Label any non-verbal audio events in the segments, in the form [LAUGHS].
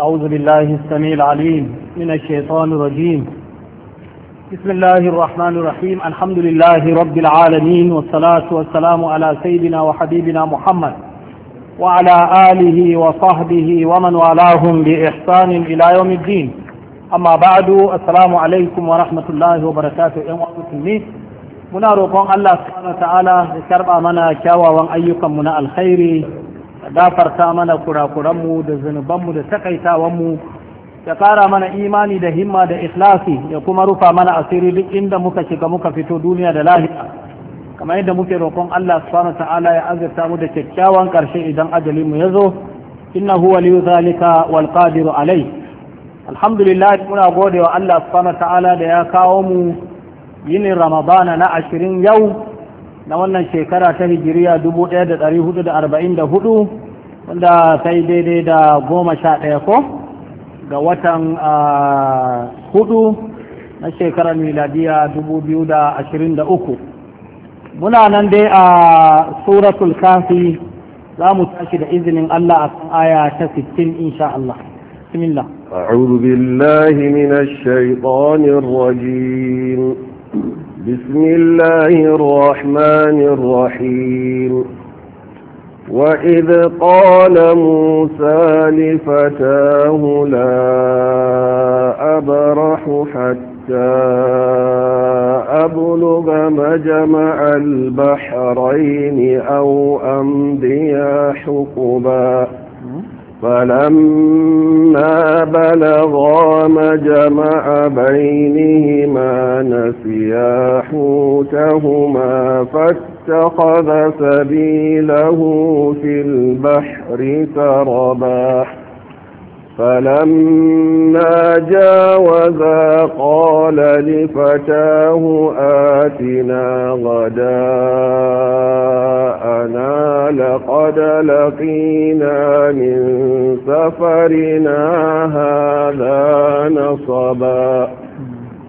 أعوذ بالله السميع العليم من الشيطان الرجيم بسم الله الرحمن الرحيم الحمد لله رب العالمين والصلاة والسلام على سيدنا وحبيبنا محمد وعلى آله وصحبه ومن والاهم بإحسان إلى يوم الدين أما بعد السلام عليكم ورحمة الله وبركاته يوم المسلمين منا رقم الله سبحانه وتعالى ta'ala منا كوا وأيكم kyawawan الخير ka gafarta mana kurakuranmu da zunubanmu da takaitawanmu ya ƙara mana imani da himma da ikhlasi ya kuma rufa mana asiri duk inda muka shiga muka fito duniya da lahira kamar yadda muke roƙon Allah subhanahu ta'ala ya azurta mu da kyakkyawan ƙarshe idan ajali mu ya zo innahu waliyu zalika wal qadiru alai alhamdulillah muna gode wa Allah subhanahu ta'ala da ya kawo mu yinin ramadana na ashirin yau na wannan shekara ta hijiriya 1444 wanda sai daidai da goma sha ɗaya ko ga watan hudu na shekarar miladiya 2023 muna nan dai a suratul kafi za mu tashi da izinin Allah a kan aya ta 60 insha Allah بسم الله أعوذ بالله من الشيطان الرجيم بسم الله الرحمن الرحيم وإذ قال موسى لفتاه لا أبرح حتى أبلغ مجمع البحرين أو أمضي حقباً فلما بلغا مجمع بينهما نسيا حوتهما فاتخذ سبيله في البحر سربا فلما جاوزا قال لفتاه آتنا غداءنا لقد لقينا من سفرنا هذا نصبا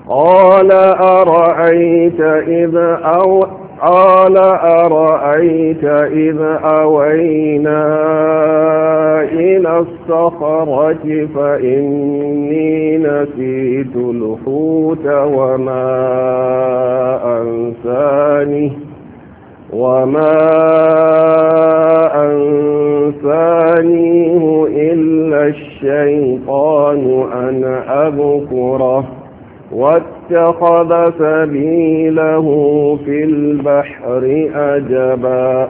قال أرأيت إذ أو قال أرأيت إذ أوينا إلى الصخرة فإني نسيت الحوت وما أنساني وما أنسانيه إلا الشيطان أن أذكره واتخذ سبيله في البحر أجبا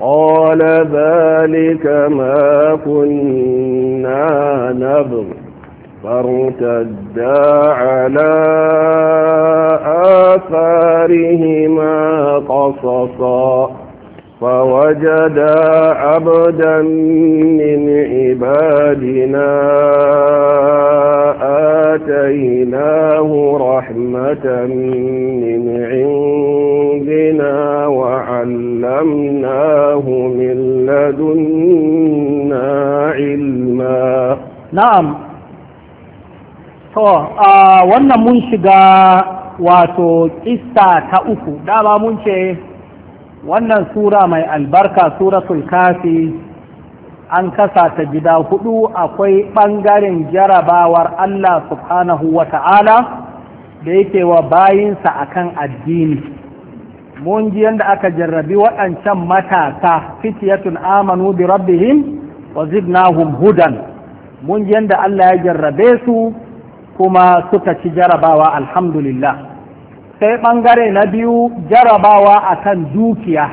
قال ذلك ما كنا نبغ فارتدا على آثارهما قصصا فوجدا عبدا من عبادنا آتيناه رحمة من عندنا وعلمناه من لدنا علما نعم وانا منشقا واتو إستا تأوكو دابا kista wannan sura mai albarka suratul kafi an kasa ta gida hudu akwai ɓangaren jarabawar Allah subhanahu wa ta'ala da yake wa bayinsa akan addini mun ji yadda aka jarrabi waɗancan matasa fitiyatun amanu bi rabbihim wa zidnahum hudan mun ji yadda Allah ya jarrabe su kuma suka ci jarabawa alhamdulillah sai ɓangare na biyu jarabawa akan dukiya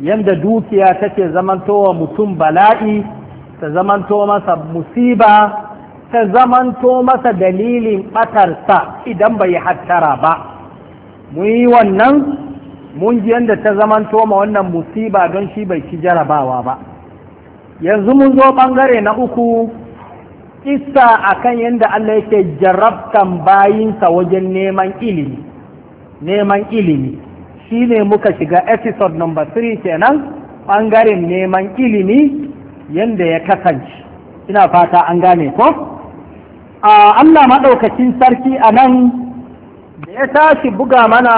yadda dukiya take zamantowa mutum bala'i ta zamanto masa musiba ta zamanto masa dalilin ɓatarsa idan bai hattara ba mu yi wannan mun ji yadda ta zamanto ma wannan musiba don shi bai ci jarabawa ba yanzu mun zo ɓangare na uku isa akan yadda Allah yake jarabtan bayinsa wajen neman ilimi neman ilimi shi ne muka shiga episode number ke kenan ɓangaren neman ilimi yadda ya kasance ina fata an gane ko a Allah maɗaukacin sarki a nan da ya tashi buga mana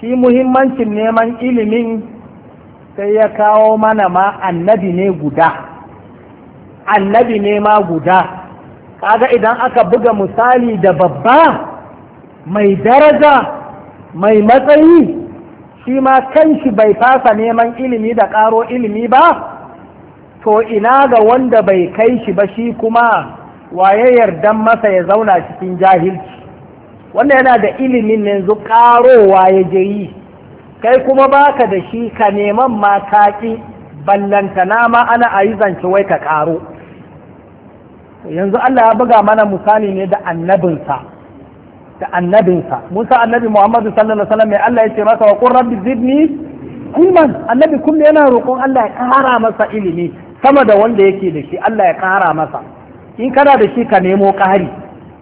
shi muhimmancin neman ilimin sai ya kawo mana ma annabi ne guda annabi ne ma guda kaga idan aka buga misali da babba mai daraja mai matsayi shi ma shi bai fasa neman ilimi da ƙaro ilimi ba to ina ga wanda bai kai shi ba shi kuma waye yardan masa ya zauna cikin jahilci wanda yana da ilimin yanzu ƙarowa ya je yi kai kuma baka da shi ka neman mataki, kaƙi ballantana ma ana a yi zance wai ka ƙaro yanzu Allah ya buga mana misali ne da annabinsa da annabinsa Musa annabi Muhammadu sallallahu alaihi wasallam Allah ya ce masa wa qur rabbi zidni ilman annabi kuma yana roƙon Allah ya ƙara masa ilimi sama da wanda yake da shi Allah ya ƙara masa in kana da shi ka nemo ƙari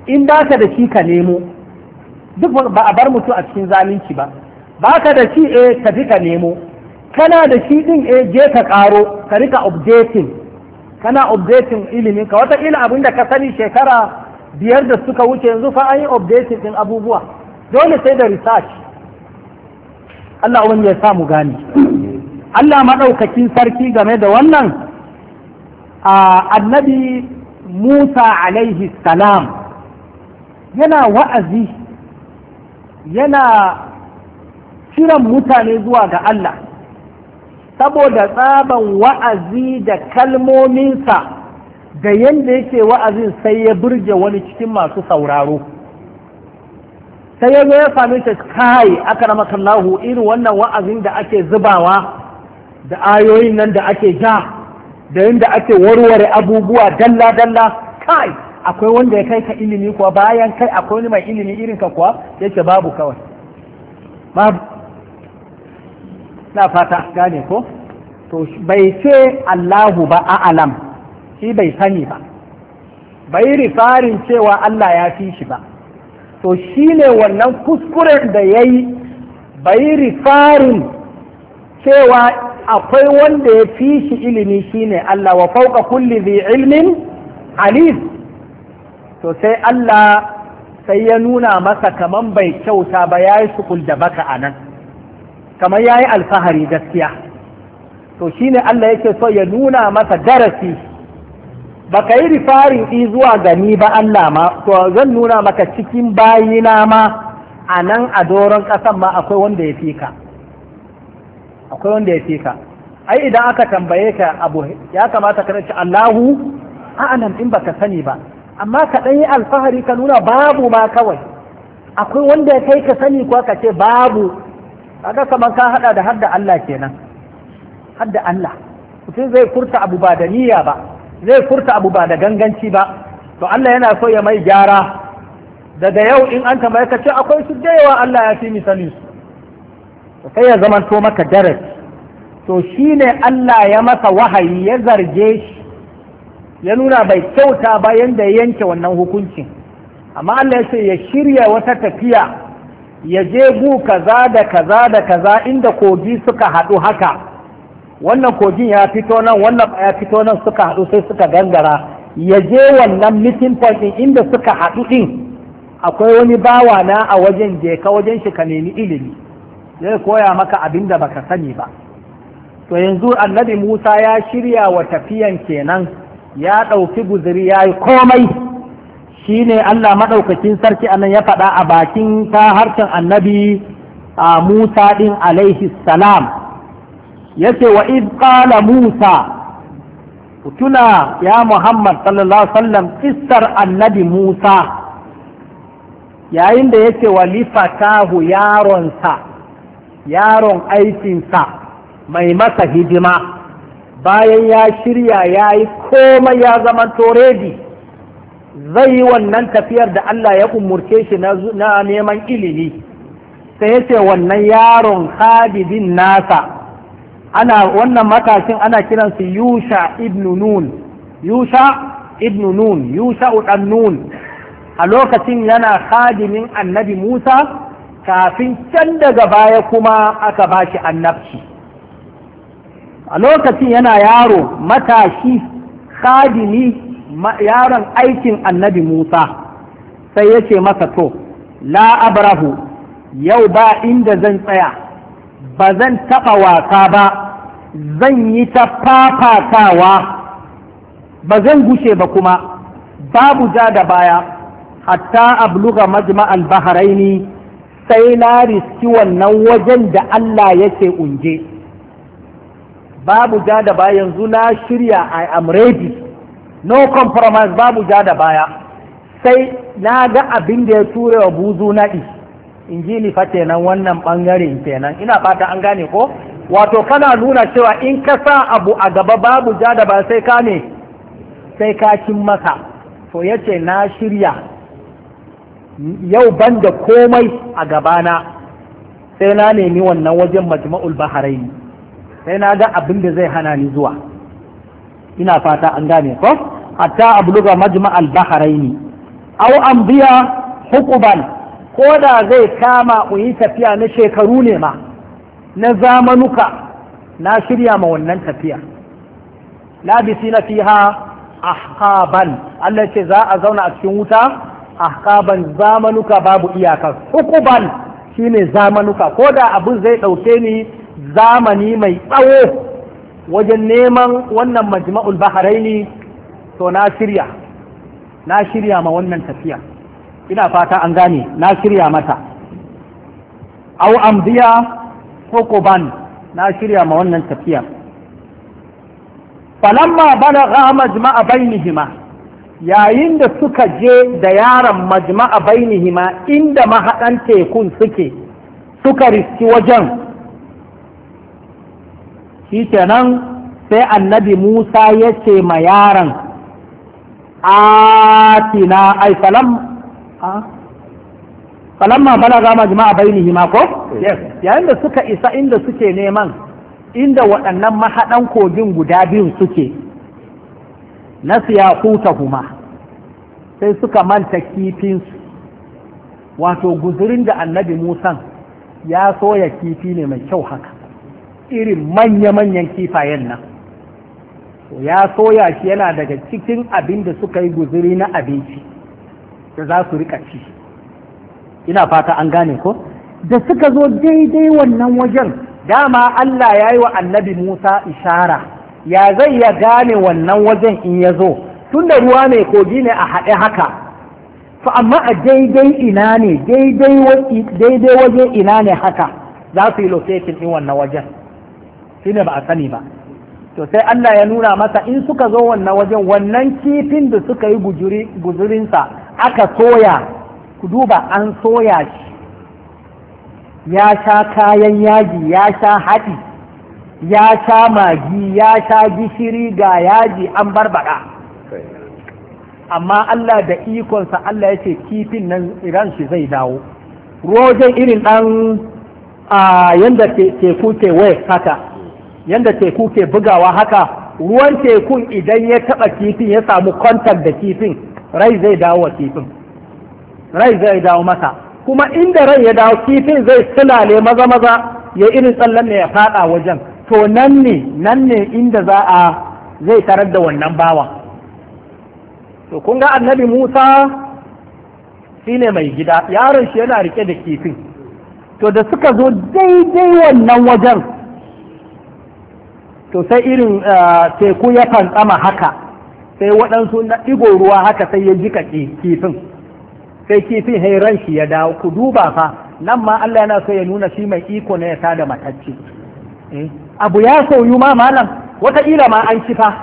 in baka da shi ka nemo duk ba a bar mutum a cikin zalunci ba baka da shi eh ka ka nemo kana da shi din eh je ka ƙaro ka rika updating kana updating ilimin ka wata ila abin da ka sani shekara biyar da suka wuce yanzu fa an yi updating din abubuwa dole sai da research Allah wani ya samu gani Allah maɗaukakin sarki game da wannan annabi Musa alaihi salam yana wa'azi yana kiran mutane zuwa ga Allah saboda tsaban wa'azi da kalmominsa da yadda yake wa'azin sai ya burge wani cikin masu sauraro sai ya ya sami ta kai aka rama kallahu irin wannan wa'azin da ake zubawa da ayoyin nan da ake ja da yadda ake warware abubuwa dalla-dalla kai akwai wanda ya kai ka ilimi kuwa bayan kai akwai wani mai ilimi irin ka kuwa yake babu kawai babu na fata gane ko to bai ce allahu ba a alam shi bai sani ba bai rifarin cewa Allah ya fi shi ba to shi ne wannan kuskuren da ya yi bai rifarin cewa akwai wanda ya fi shi ilimi shi ne Allah wa fauka kulli zai ilmin alif to sai Allah sai ya nuna masa kaman bai kyauta ba ya yi shukul da baka a nan kamar ya yi alfahari gaskiya to shi ne Allah yake so ya nuna masa darasi ba ka yi rifarin ɗi zuwa gani ba Allah ma to zan nuna maka cikin bayina ma a nan a doron ƙasan ma akwai wanda ya fi ka akwai wanda ya fi ka ai idan aka tambaye ka abu ya kamata ka nace Allahu a'lam in baka sani ba amma ka ɗan yi alfahari ka nuna babu ma kawai akwai wanda ya kai ka sani kuwa ka ce babu kaga kamar ka haɗa da hadda Allah kenan hadda Allah mutum zai furta abu ba da niyya ba zai furta abu ba da ganganci ba to Allah yana so ya mai gyara daga yau in an tambaye ka ce akwai su da Allah ya fi misali su sai ya zamanto maka darasi to shine Allah ya masa wahayi ya zarge shi ya nuna bai kyauta ba yanda ya yanke wannan hukuncin amma Allah ya ce ya shirya wata tafiya ya je gu kaza da kaza da kaza inda kogi suka haɗu haka wannan kogin ya fito nan wannan ya fito nan suka haɗu sai suka gangara ya je wannan meeting point in inda suka haɗu ɗin akwai wani bawa na a wajen je ka wajen shi ka nemi ilimi zai koya maka abin da baka sani ba to yanzu annabi Musa ya shirya wa tafiyan kenan ya ɗauki guzuri ya yi komai shine Allah maɗaukakin sarki anan ya faɗa a bakin ta harshen annabi Musa ɗin alaihi salam yace wa iz qala musa tuna ya muhammad sallallahu alaihi wasallam annabi musa yayin da yake wa lifatahu yaronsa yaron aikinsa mai masa hidima bayan ya shirya ya yi komai ya zama toredi zai yi wannan tafiyar da Allah ya umurce shi na neman ilimi sai yace wannan yaron hadidin nasa ana wannan matashin ana kiransu yusha ibn nun yusha ibn nun yusha dan nun a lokacin yana khadimin annabi musa kafin can daga baya kuma aka bashi annabci a lokacin yana yaro matashi khadimi yaron aikin annabi musa sai yace ce masa to la abrahu yau ba inda zan tsaya ba zan taɓa wasa ba zan yi ta fafatawa ba zan gushe ba kuma babu ja da baya hatta abluga majma al-bahraini sai na riski wannan wajen da Allah yake unje babu ja da baya yanzu na shirya i am ready no compromise babu ja da baya sai na ga abin da ya ture wa buzu naɗi injili fa kenan wannan bangaren kenan ina fata an gane ko wato kana nuna cewa in ka sa abu a gaba babu jada ba sai ka ne sai ka cin masa to yace na shirya yau ban da komai a gabana sai na nemi wannan wajen majma'ul baharaini sai na ga abin da zai hana ni zuwa ina fata an gane ko hatta abluga majma'al baharaini aw anbiya hukuban ko da zai kama ku yi tafiya na shekaru ne ma na zamanuka na shirya ma wannan tafiya labisi na fiha ahqaban Allah ce za a zauna a cikin wuta ahqaban zamanuka babu iyaka hukuban shine zamanuka ko da abin zai ɗauke ni zamani mai tsawo wajen neman wannan majma'ul baharaini to na shirya na shirya ma wannan tafiya ina fata an gane na shirya mata au ko koban na shirya ma wannan tafiyar falamma balagha majma'a bainihima yayin da suka je da yaron majma'a bainihima inda mahaɗan tekun suke suka riski wajen Shi kenan sai annabi Musa ya ce ma yaron atina ai salam. falamma balaga majma'a bainihima ko eh. yayin da suka isa inda suke neman inda waɗannan mahaɗan kogin guda biyun suke na huma sai suka manta kifinsu wato guzurin da annabi musan ya soya kifi ne mai kyau haka irin manya-manyan kifayen nan ya soya shi yana daga cikin abin da suka yi guzuri na abinci da za su rika ci ina fata an gane ko da suka zo daidai wannan wajen dama Allah ya yi wa annabi Musa ishara ya zai ya gane wannan wajen in ya zo tun da ruwa mai kogi ne a haɗe haka Fa amma a daidai ina ne daidai waje ina ne haka za su yi location ɗin wannan wajen shi ne ba a sani ba to sai Allah ya nuna masa in suka zo wannan wajen wannan kifin da suka yi guzurinsa aka soya ku duba an soya shi ya sha kayan yaji ya sha haɗi ya sha magi ya sha gishiri ga yaji an barbaɗa amma Allah da ikonsa Allah ya ce kifin nan iran shi zai dawo rojen irin ɗan a yadda teku ke wai haka yadda teku ke bugawa haka ruwan tekun idan ya taɓa kifin ya samu kwantar da kifin rai zai dawo wa kifin rai zai dawo masa kuma inda rai ya dawo kifin zai sulale maza maza ya irin tsallan ne ya fada wajen to nan ne nan ne inda za a zai tarar da wannan bawa to kun ga annabi Musa shine mai gida yaron shi yana rike da kifin to da suka zo daidai wannan wajen to sai irin eh, teku ya fantsama haka sai waɗansu na ɗigo ruwa haka sai ya jika kifin sai kifin hai ran shi ya dawo ku duba fa nan ma Allah yana so ya nuna shi mai iko ne ya tada matacce eh, abu ya soyu ma malam wataƙila ma an ci fa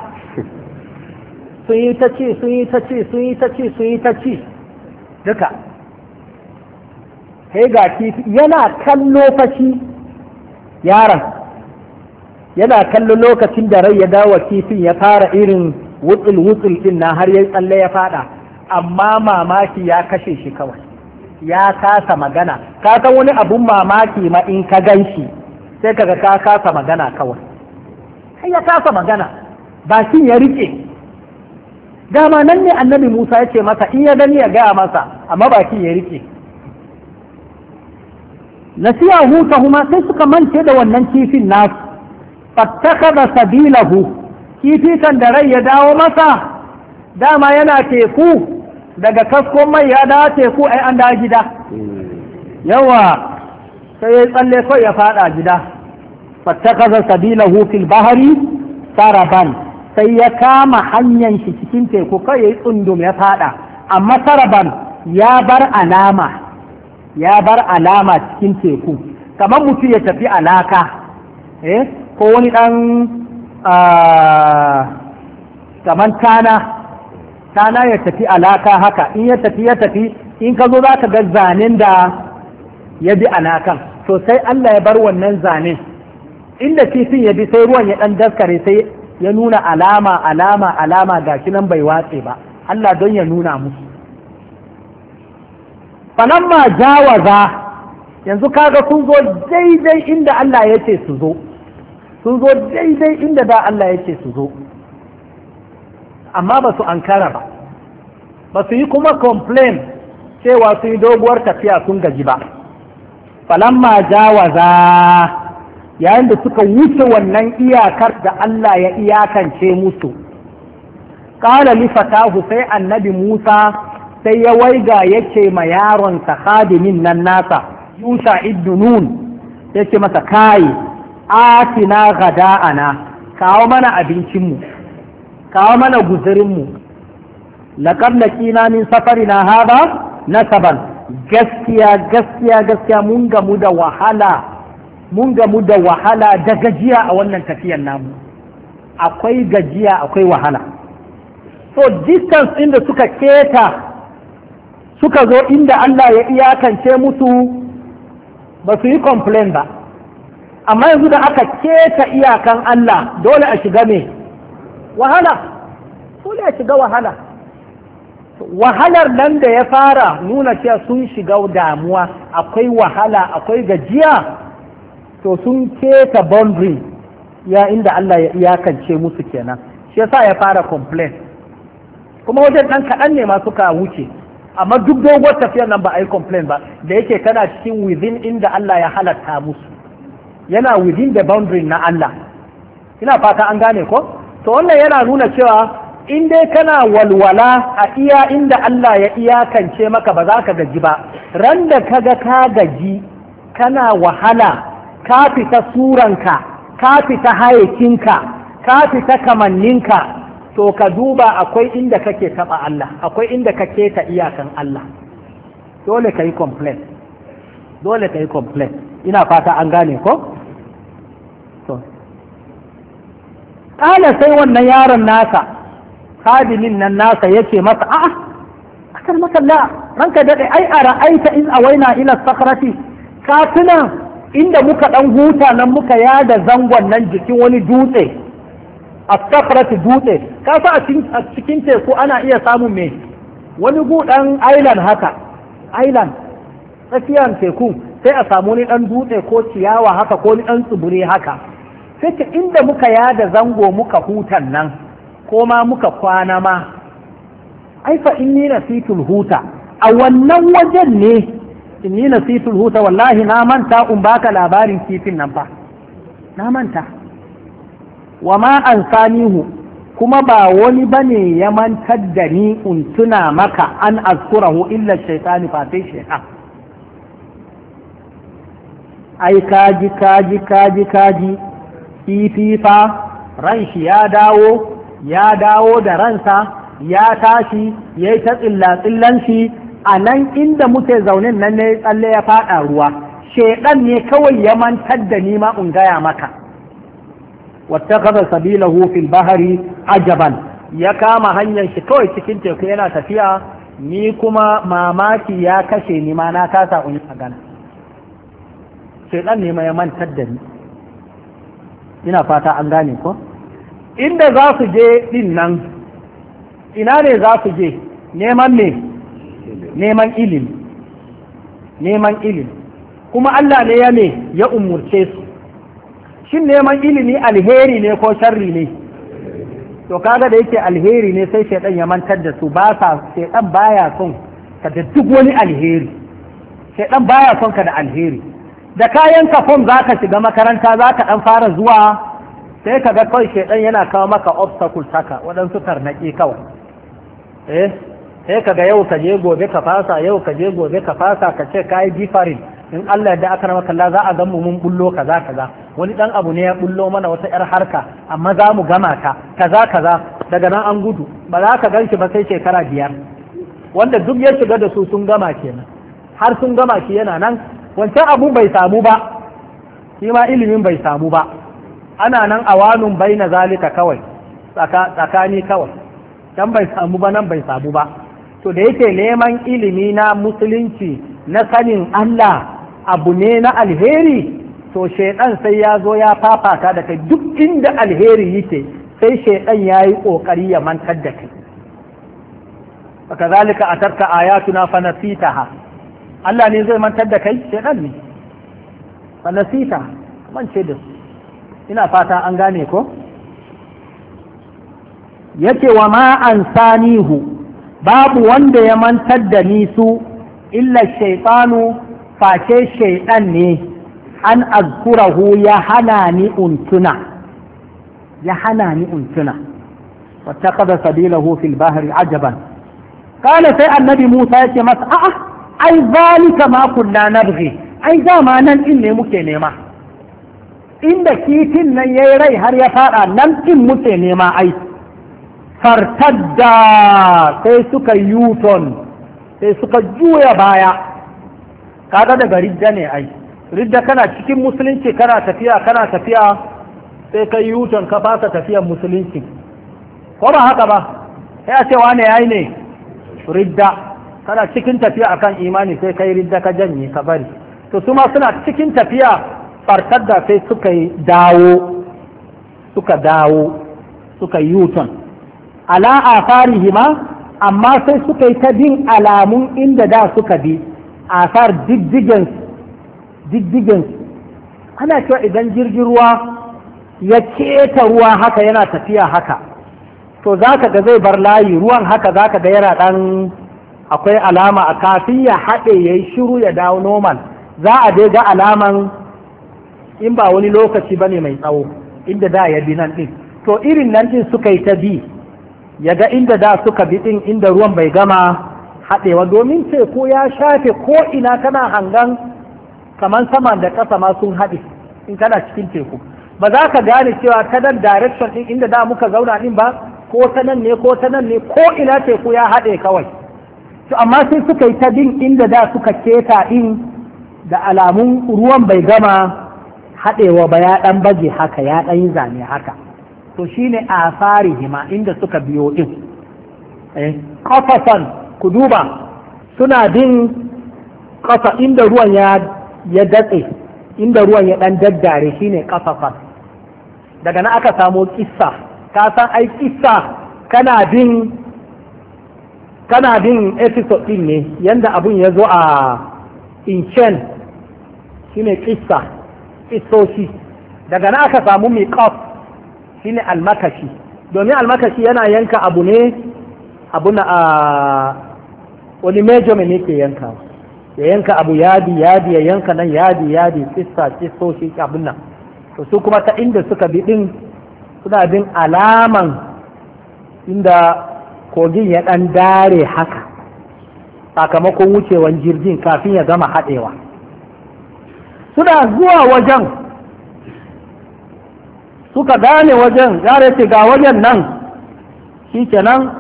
sun yi ta ci sun yi ta ci sun yi ta ci sun yi ta ci duka sai ga kifi yana kallo fashi yaron yana kallo lokacin da rai ya dawo kifin ya fara irin wutsul wutsul din na har ya tsalle ya fada amma mamaki ya kashe shi kawai ya kasa magana ka san wani abun mamaki ma in ka gan shi sai kaga ka kasa magana kawai sai ya kasa magana bakin ya rike dama nan ne annabi Musa ya ce masa in ya gani ya gaya masa amma bakin ya rike nasiya ta huma sai suka mance da wannan kifin nasu fattaka da sabilahu kifi kan da rai ya dawo masa dama yana teku daga kaskon mai ya dawo teku ai an da gida yawa sai ya tsalle kai ya fada gida fattakaza sabilahu fil bahari saraban sai ya kama hanyar shi cikin teku kai ya tsundum ya fada amma saraban ya bar alama ya bar alama cikin teku kamar mutum ya tafi alaka eh ko wani dan kamar tana tana ya tafi alaka haka in ya tafi ya tafi in ka zo za ka ga zanen da ya bi alakan Sosai Allah ya bar wannan zanen inda kifin ya bi sai ruwan ya dan daskare sai ya nuna alama alama alama ga shi nan bai watse ba Allah don ya nuna musu falamma jawaza yanzu kaga sun zo daidai inda Allah ya ce su zo sun zo daidai inda da Allah ya ce su zo amma ba su ankara ba ba su yi kuma complain cewa su yi doguwar tafiya sun gaji ba falamma jawaza yayin da suka wuce wannan iyakar da Allah ya iyakance musu Ƙara li fatahu sai annabi Musa sai ya waiga yake ma yaron sa khadimin nan nasa Yusa ibn Nun yake masa kai atina gada'ana kawo mana abincinmu kawo mana guzurinmu laƙar kina min safari na haɗa na saban gaskiya gaskiya gaskiya mun gamu da wahala mun gamu da wahala da gajiya a wannan tafiyar namu akwai gajiya akwai wahala so distance inda suka keta suka zo inda Allah ya iyakance musu ba su yi complain ba amma yanzu da aka keta iyakan Allah dole a shiga me wahala dole a shiga wahala wahalar nan da ya fara nuna cewa sun shiga damuwa akwai wahala akwai gajiya to sun keta boundary ya inda Allah ya iyakance musu kenan shi yasa ya fara complain kuma wajen ɗan kaɗan ne ma suka wuce amma duk doguwar tafiyar nan ba a yi complain ba da yake kana cikin within inda Allah ya halatta musu yana within the boundary na Allah ina fata an gane ko to wannan yana nuna cewa in dai kana walwala a iya inda Allah ya iyakance maka ba za ka gaji ba ran da ga ka gaji kana wahala ka fita suranka ka fita hayakinka ka fita kamanninka to ka duba akwai inda kake taba Allah akwai inda kake ta iyakan Allah dole ka yi complain dole ka yi complain ina fata an gane ko ƙala sai wannan yaron naka kadimin nan naka yake masa a'a akar masalla ranka daɗe ai a ra'aita in awaina ila sakrati katuna inda muka ɗan huta nan muka yada zangon nan jikin wani dutse a sakrati dutse kasa a cikin teku ana iya samun me wani gudan island haka island tsakiyar teku sai a samu ni ɗan dutse ko ciyawa haka ko ni dan tsibiri haka sai inda muka yada zango muka hutan nan ko ma muka kwana ma ai fa inni nasitul huta a wannan wajen ne inni nasitul huta wallahi na manta in baka labarin kifin nan fa na manta wa ma an sanihu kuma ba wani bane ya mantar da ni in tuna maka an azkurahu illa shaytani fa sai ai kaji kaji kaji kaji kifi ran shi ya dawo ya dawo da ransa ya tashi ya yi ta tsilla-tsillan shi a nan inda muke zaunin nan ne tsalle ya faɗa ruwa shaiɗan ne kawai ya mantar da nima ma in gaya maka wata kaza sabila hufin bahari ajaban ya kama hanyar shi kawai cikin teku yana tafiya ni kuma mamaki ya kashe ni ma na kasa in gana shaidan ne mai mantar da ni ina fata an gane ko inda za su je din nan ina ne za su je neman ne neman ilimi neman ilimi kuma Allah ne ya ne ya umurce su shin neman ilimi alheri ne ko sharri ne to kaga da yake alheri ne sai shaidan ya mantar da su ba sa shaidan baya son ka da duk wani alheri shaidan baya son ka da alheri da kayan kafom za ka shiga makaranta za ka ɗan fara zuwa sai ka ga kawai shaidan yana kawo maka obstacle haka waɗansu tarnaƙi kawai eh sai ka ga yau ka je gobe ka fasa yau ka je gobe ka fasa ka ce ka yi different in Allah yadda aka maka Allah za a gan mu mun bullo kaza kaza wani dan abu ne ya bullo mana wata yar harka amma za mu gama ta kaza kaza daga nan an gudu ba za ka ganshi ba sai shekara biyar wanda duk ya shiga da su sun gama kenan har sun gama shi yana nan wancan abu bai samu ba shi ma ilimin bai samu ba ana nan awanun bai na zalika kawai tsakani kawai can bai samu ba nan bai samu ba to da yake neman ilimi na musulunci na sanin Allah abu ne na alheri to shaidan sai ya zo ya fafata daga duk inda alheri yake sai shaidan ya yi ƙoƙari ya mantar da kai a tarka ayatuna fa nasitaha Allah ne zai mantar da kai shaitan ne falasita mance da su ina fata an gane ko yake wa ma an sanihu babu wanda ya mantar da ni su illa shaitanu face shaitan ne an azkurahu ya hana ni untuna ya hana ni untuna wata kada sabilahu fil bahri ajaban kala sai annabi musa yake masa a'a ai zalika ma kunna bugi ai dama nan din ne muke nema inda kitin nan yayi rai har ya fada nan din muke nema ai fartadda sai suka yuton sai suka juya baya kaga daga ridda ne ai ridda kana cikin musulunci kana tafiya kana tafiya sai kai yuton ka fasa tafiyar musulunci ko ba haka ba sai a ce wane yayi ne ridda kana cikin tafiya akan imani sai kai ridda ka janye ka bari to su suna cikin tafiya farkar da sai suka yi dawo suka dawo suka yi yuton ala afarihi ma amma sai suka yi ta bin alamun inda da suka bi asar diddigen diddigen ana cewa idan jirgin ruwa ya keta ruwa haka yana tafiya haka to zaka ga zai bar layi ruwan haka zaka ga yana dan akwai alama a kafin ya haɗe ya yi shiru ya dawo normal za a dai ga alaman in ba wani lokaci ba ne mai tsawo inda da ya bi nan ɗin to irin nan ɗin suka yi ta bi ya ga inda da suka bi ɗin inda ruwan bai gama haɗewa domin teku ya shafe ko ina kana hangan kamar sama da ƙasa ma sun haɗe in kana cikin teku ba za ka gane cewa ta nan direction ɗin inda da muka zauna ɗin ba ko ta nan ne ko ta nan ne ko ina teku ya haɗe kawai to amma sai suka yi ta bin inda da suka keta in da alamun ruwan bai gama haɗewa ba ya ɗan baje haka ya ɗan yi zane haka to shi ne a fari hima inda suka biyo in. Eh, ƙafasan ku duba suna bin ƙafa. inda ruwan ya datse inda ruwan ya ɗan daddare shi ne ƙafafan. daga na aka samo kissa ka san ai kissa kana bin kana bin episode din ne yanda abun ya zo a incen shine kissa kissoshi daga na aka samu shi shine almakashi domin almakashi yana yanka abu ne abu na a wani ne ke yanka ya yanka abu yadi yadi ya yanka nan yadi yadi kissa kissoshi abun nan to su kuma ta inda suka bi din suna bin alaman inda kogin ya ɗan dare haka sakamakon wucewan jirgin kafin ya zama haɗewa suna zuwa wajen suka gane wajen gare ce ga wajen nan shi kenan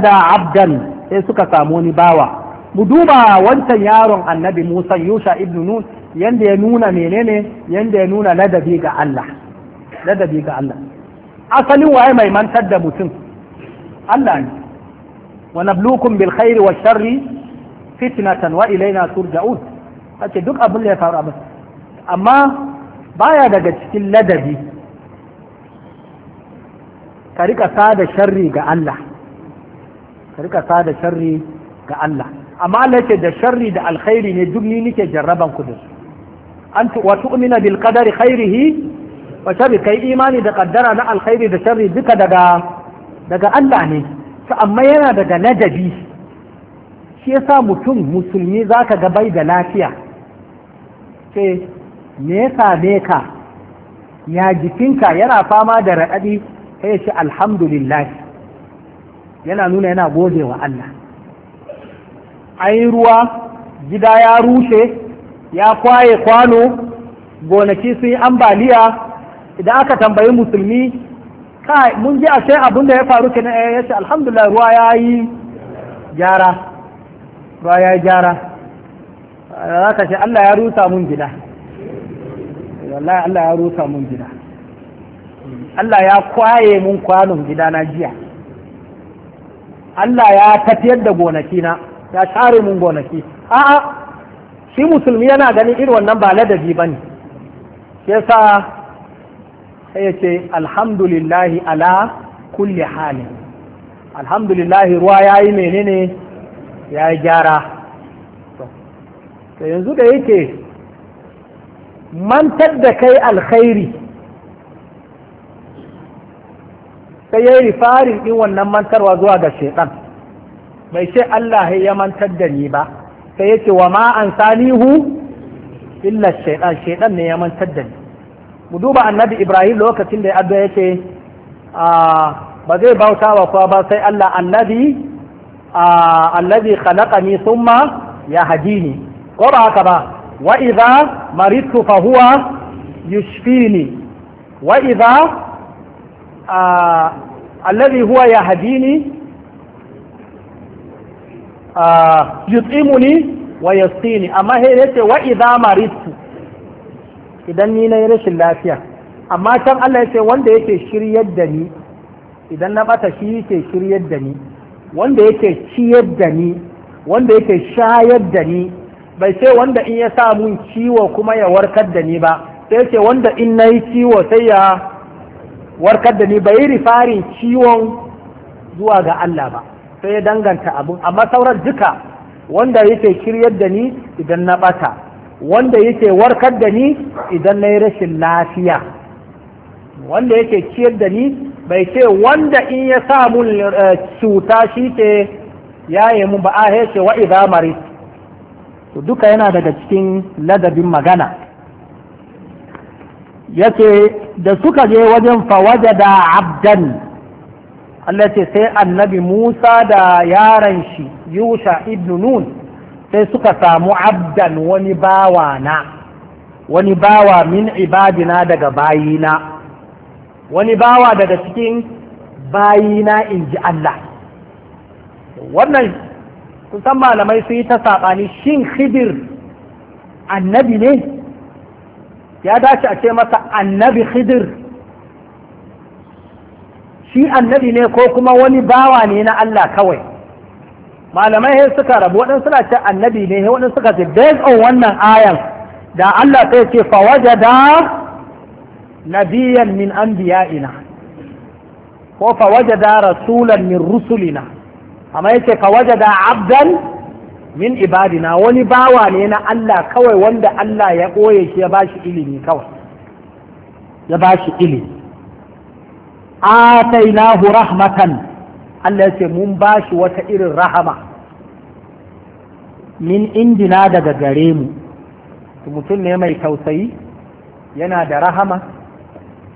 da abdan sai suka samu wani bawa mu duba wancan yaron annabi musa yusha ibn nun yanda ya nuna menene yanda ya nuna ladabi ga Allah ladabi ga Allah asalin waye mai mantar da mutum Allah ne wa nablukum bil khairi wa sharri fitnatan wa ilaina turja'un kace duk abin da ya faru abin amma baya daga cikin ladabi ka rika sada sharri ga Allah ka rika sada sharri ga Allah amma Allah da sharri da alkhairi ne duk ni nake jarraban ku da su an wa tu'mina bil qadari khairihi wa sharri kai imani da ƙaddara na alkhairi da sharri duka daga Allah ne to amma yana daga ladabi shi yasa mutum musulmi zaka ga bai da lafiya ce me ya same ka ya jikinka yana fama da raɗaɗi sai shi alhamdulillah yana nuna yana gode wa Allah ai ruwa gida ya rushe ya kwaye kwano gonaki sun yi ambaliya idan aka tambayi musulmi kai mun ji sai abin da ya faru na eh, ya yace alhamdulillah ruwa ya yi gyara ruwa ya yi gyara za ka ce Allah ya rusa mun gida wallahi Allah ya rusa mun gida Allah ya kwaye mun kwanon gida na jiya Allah ya tafiyar da gonaki na ya share mun gonaki a'a shi musulmi yana ganin irin wannan ba ladabi bane shi yasa sai ya ce alhamdulillahi ala kulli hali alhamdulillahi ruwa ya yi menene ya yi gyara to yanzu da yake mantar da kai alkhairi sai ya yi rifarin ɗin wannan mantarwa zuwa ga shaitan bai ce Allah ya mantar da ni ba sai ya ce wa ma an sanihu illa shaitan shaitan ne ya mantar da ni mu duba annabi ibrahim lokacin da ya addu'a yake ah, ba zai bauta wa kowa ba sai Allah annabi allazi ah, khalaqani thumma yahdini ko ba haka ba wa idza maritu fa huwa yushfini wa idza ah, allazi huwa yahdini yut'imuni wa yasqini amma sai ce, wa idza maritu idan ni na yi rashin lafiya amma can Allah ya ce wanda yake shiryar da ni idan na bata shi yake shiryar da ni wanda yake ciyar da ni wanda yake shayar da ni bai ce wanda in ya sa mun ciwo kuma ya warkar da ni ba sai ce wanda in na yi ciwo sai ya warkar da ni bai yi rifarin ciwon zuwa ga Allah ba sai ya danganta abin amma sauran duka wanda yake shiryar da ni idan na ɓata. wanda yake warkar da ni idan na yi rashin lafiya wanda yake ciyar da ni bai ce wanda in ya samu eh, cuta shi ke yi mun ba a hece wa idamari to duka yana daga cikin ladabin magana yake da suka je wajen fawaja da abdan Allah ce sai annabi Musa da yaran shi Yusha ibn Nun sai suka samu abdan wani bawa na wani bawa min ibadina daga bayina wani bawa daga cikin bayina in ji Allah wannan kusan malamai su yi ta saɓani shin khidir annabi ne ya dace a ce masa annabi khidir shi annabi ne ko kuma wani bawa ne na Allah kawai malamai sai suka rabu waɗansu suna ce annabi ne waɗansu suka ce based on wannan ayan da Allah sai ce fa wajada nabiyan min anbiya'ina ko fa wajada rasulan min rusulina amma yace fa wajada abdan min ibadina wani bawa ne na Allah kawai wanda Allah ya ɓoye shi ya bashi ilimi kawai ya bashi ilimi atainahu rahmatan Allah ya ce mun ba shi wata irin rahama min indina daga gare mu mutum ne mai tausayi yana da rahama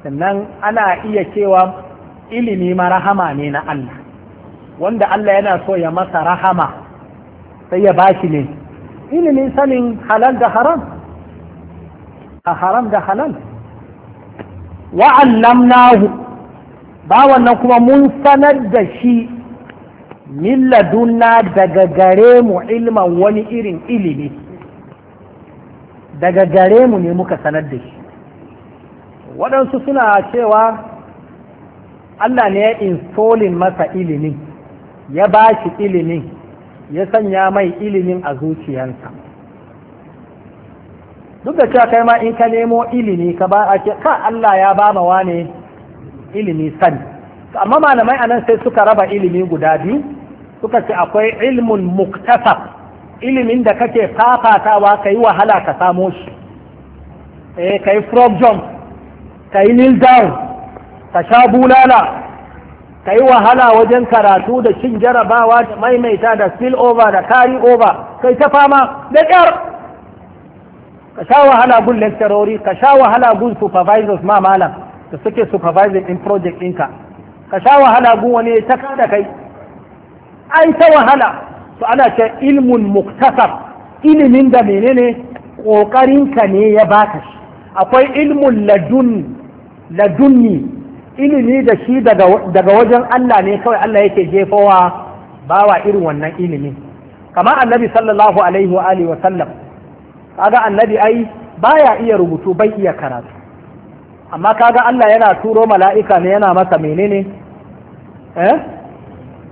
sannan ana iya cewa ilimi ma rahama ne na Allah wanda Allah yana so ya masa rahama sai ya ba shi ne ilimin sanin halal da haram a haram da halal wa'allamnahu Ba wannan kuma mun sanar da shi milladuna daga gare mu ilman wani irin ilimi daga gare mu ne muka sanar da shi waɗansu suna cewa Allah ne ya insolin masa ilimin ya ba shi ilimin ya sanya mai ilimin a zuciyarsa duk da cewa kai ma in ka nemo ilimi ka ba a ce ka Allah ya ba ma wane ilimi sani amma malamai anan sai suka raba ilimi guda biyu suka ce akwai ilmun muktafa ilimin da kake fafatawa ka yi wahala ka samo shi eh ka yi frog jump ka yi kneel down ka sha bulala ka yi wahala wajen karatu da cin jarabawa da maimaita da spill over da carry over kai ta fama da ƙyar ka sha wahala gun lecturori ka sha wahala gun supervisors ma malam da suke supervising in project ɗinka ka sha wahala gun wani ta kada kai ai ta wahala to ana ce ilmun muktasar, ilimin da menene ƙoƙarinka ne ya baka shi akwai ilmun ladunni ilimi da shi daga wajen Allah ne kawai Allah yake jefowa bawa irin wannan ilimi kama annabi sallallahu alaihi wa sallam kaga annabi ai baya iya rubutu bai iya karatu amma kaga Allah yana turo mala'ika ne yana masa menene eh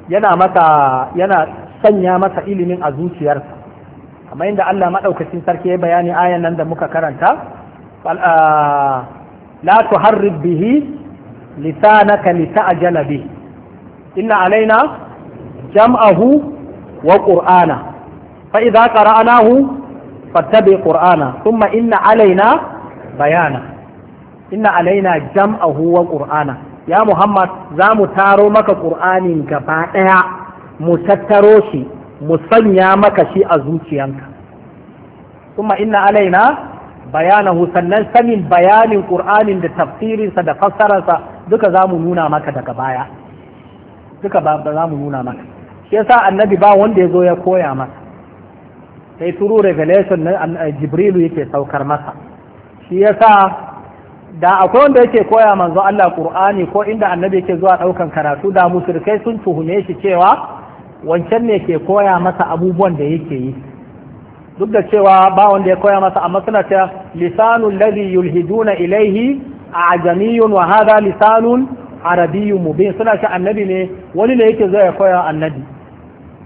yana masa yana sanya masa ilimin a zuciyarsa amma inda Allah maɗaukacin sarki ya bayani ayan nan da muka karanta la tuharrib bihi lisanaka lita'jala bihi inna alaina jam'ahu wa qur'ana fa idza qara'nahu fattabi qur'ana thumma inna alaina bayana inna alaina jam'ahu wa qur'ana ya muhammad za mu taro maka qur'anin gaba daya mu tattaro shi mu sanya maka shi a zuciyanka kuma inna alaina bayanahu sannan sanin bayanin qur'anin da tafsirinsa da fassararsa duka za mu nuna maka daga baya duka ba za mu nuna maka shi yasa annabi ba wanda ya zo ya koya masa sai turu revelation na eh, jibrilu yake saukar masa shi yasa da akwai wanda yake koya manzo Allah Qur'ani ko inda annabi yake zuwa daukan karatu da musulkai sun tuhume shi cewa wancan ne ke koya masa abubuwan da yake yi duk da cewa ba wanda ya koya masa amma suna cewa lisanul ladhi yulhiduna ilaihi ajamiyun wa hadha lisanun arabiyyun mubin suna ta annabi ne wani ne yake zuwa ya koya annabi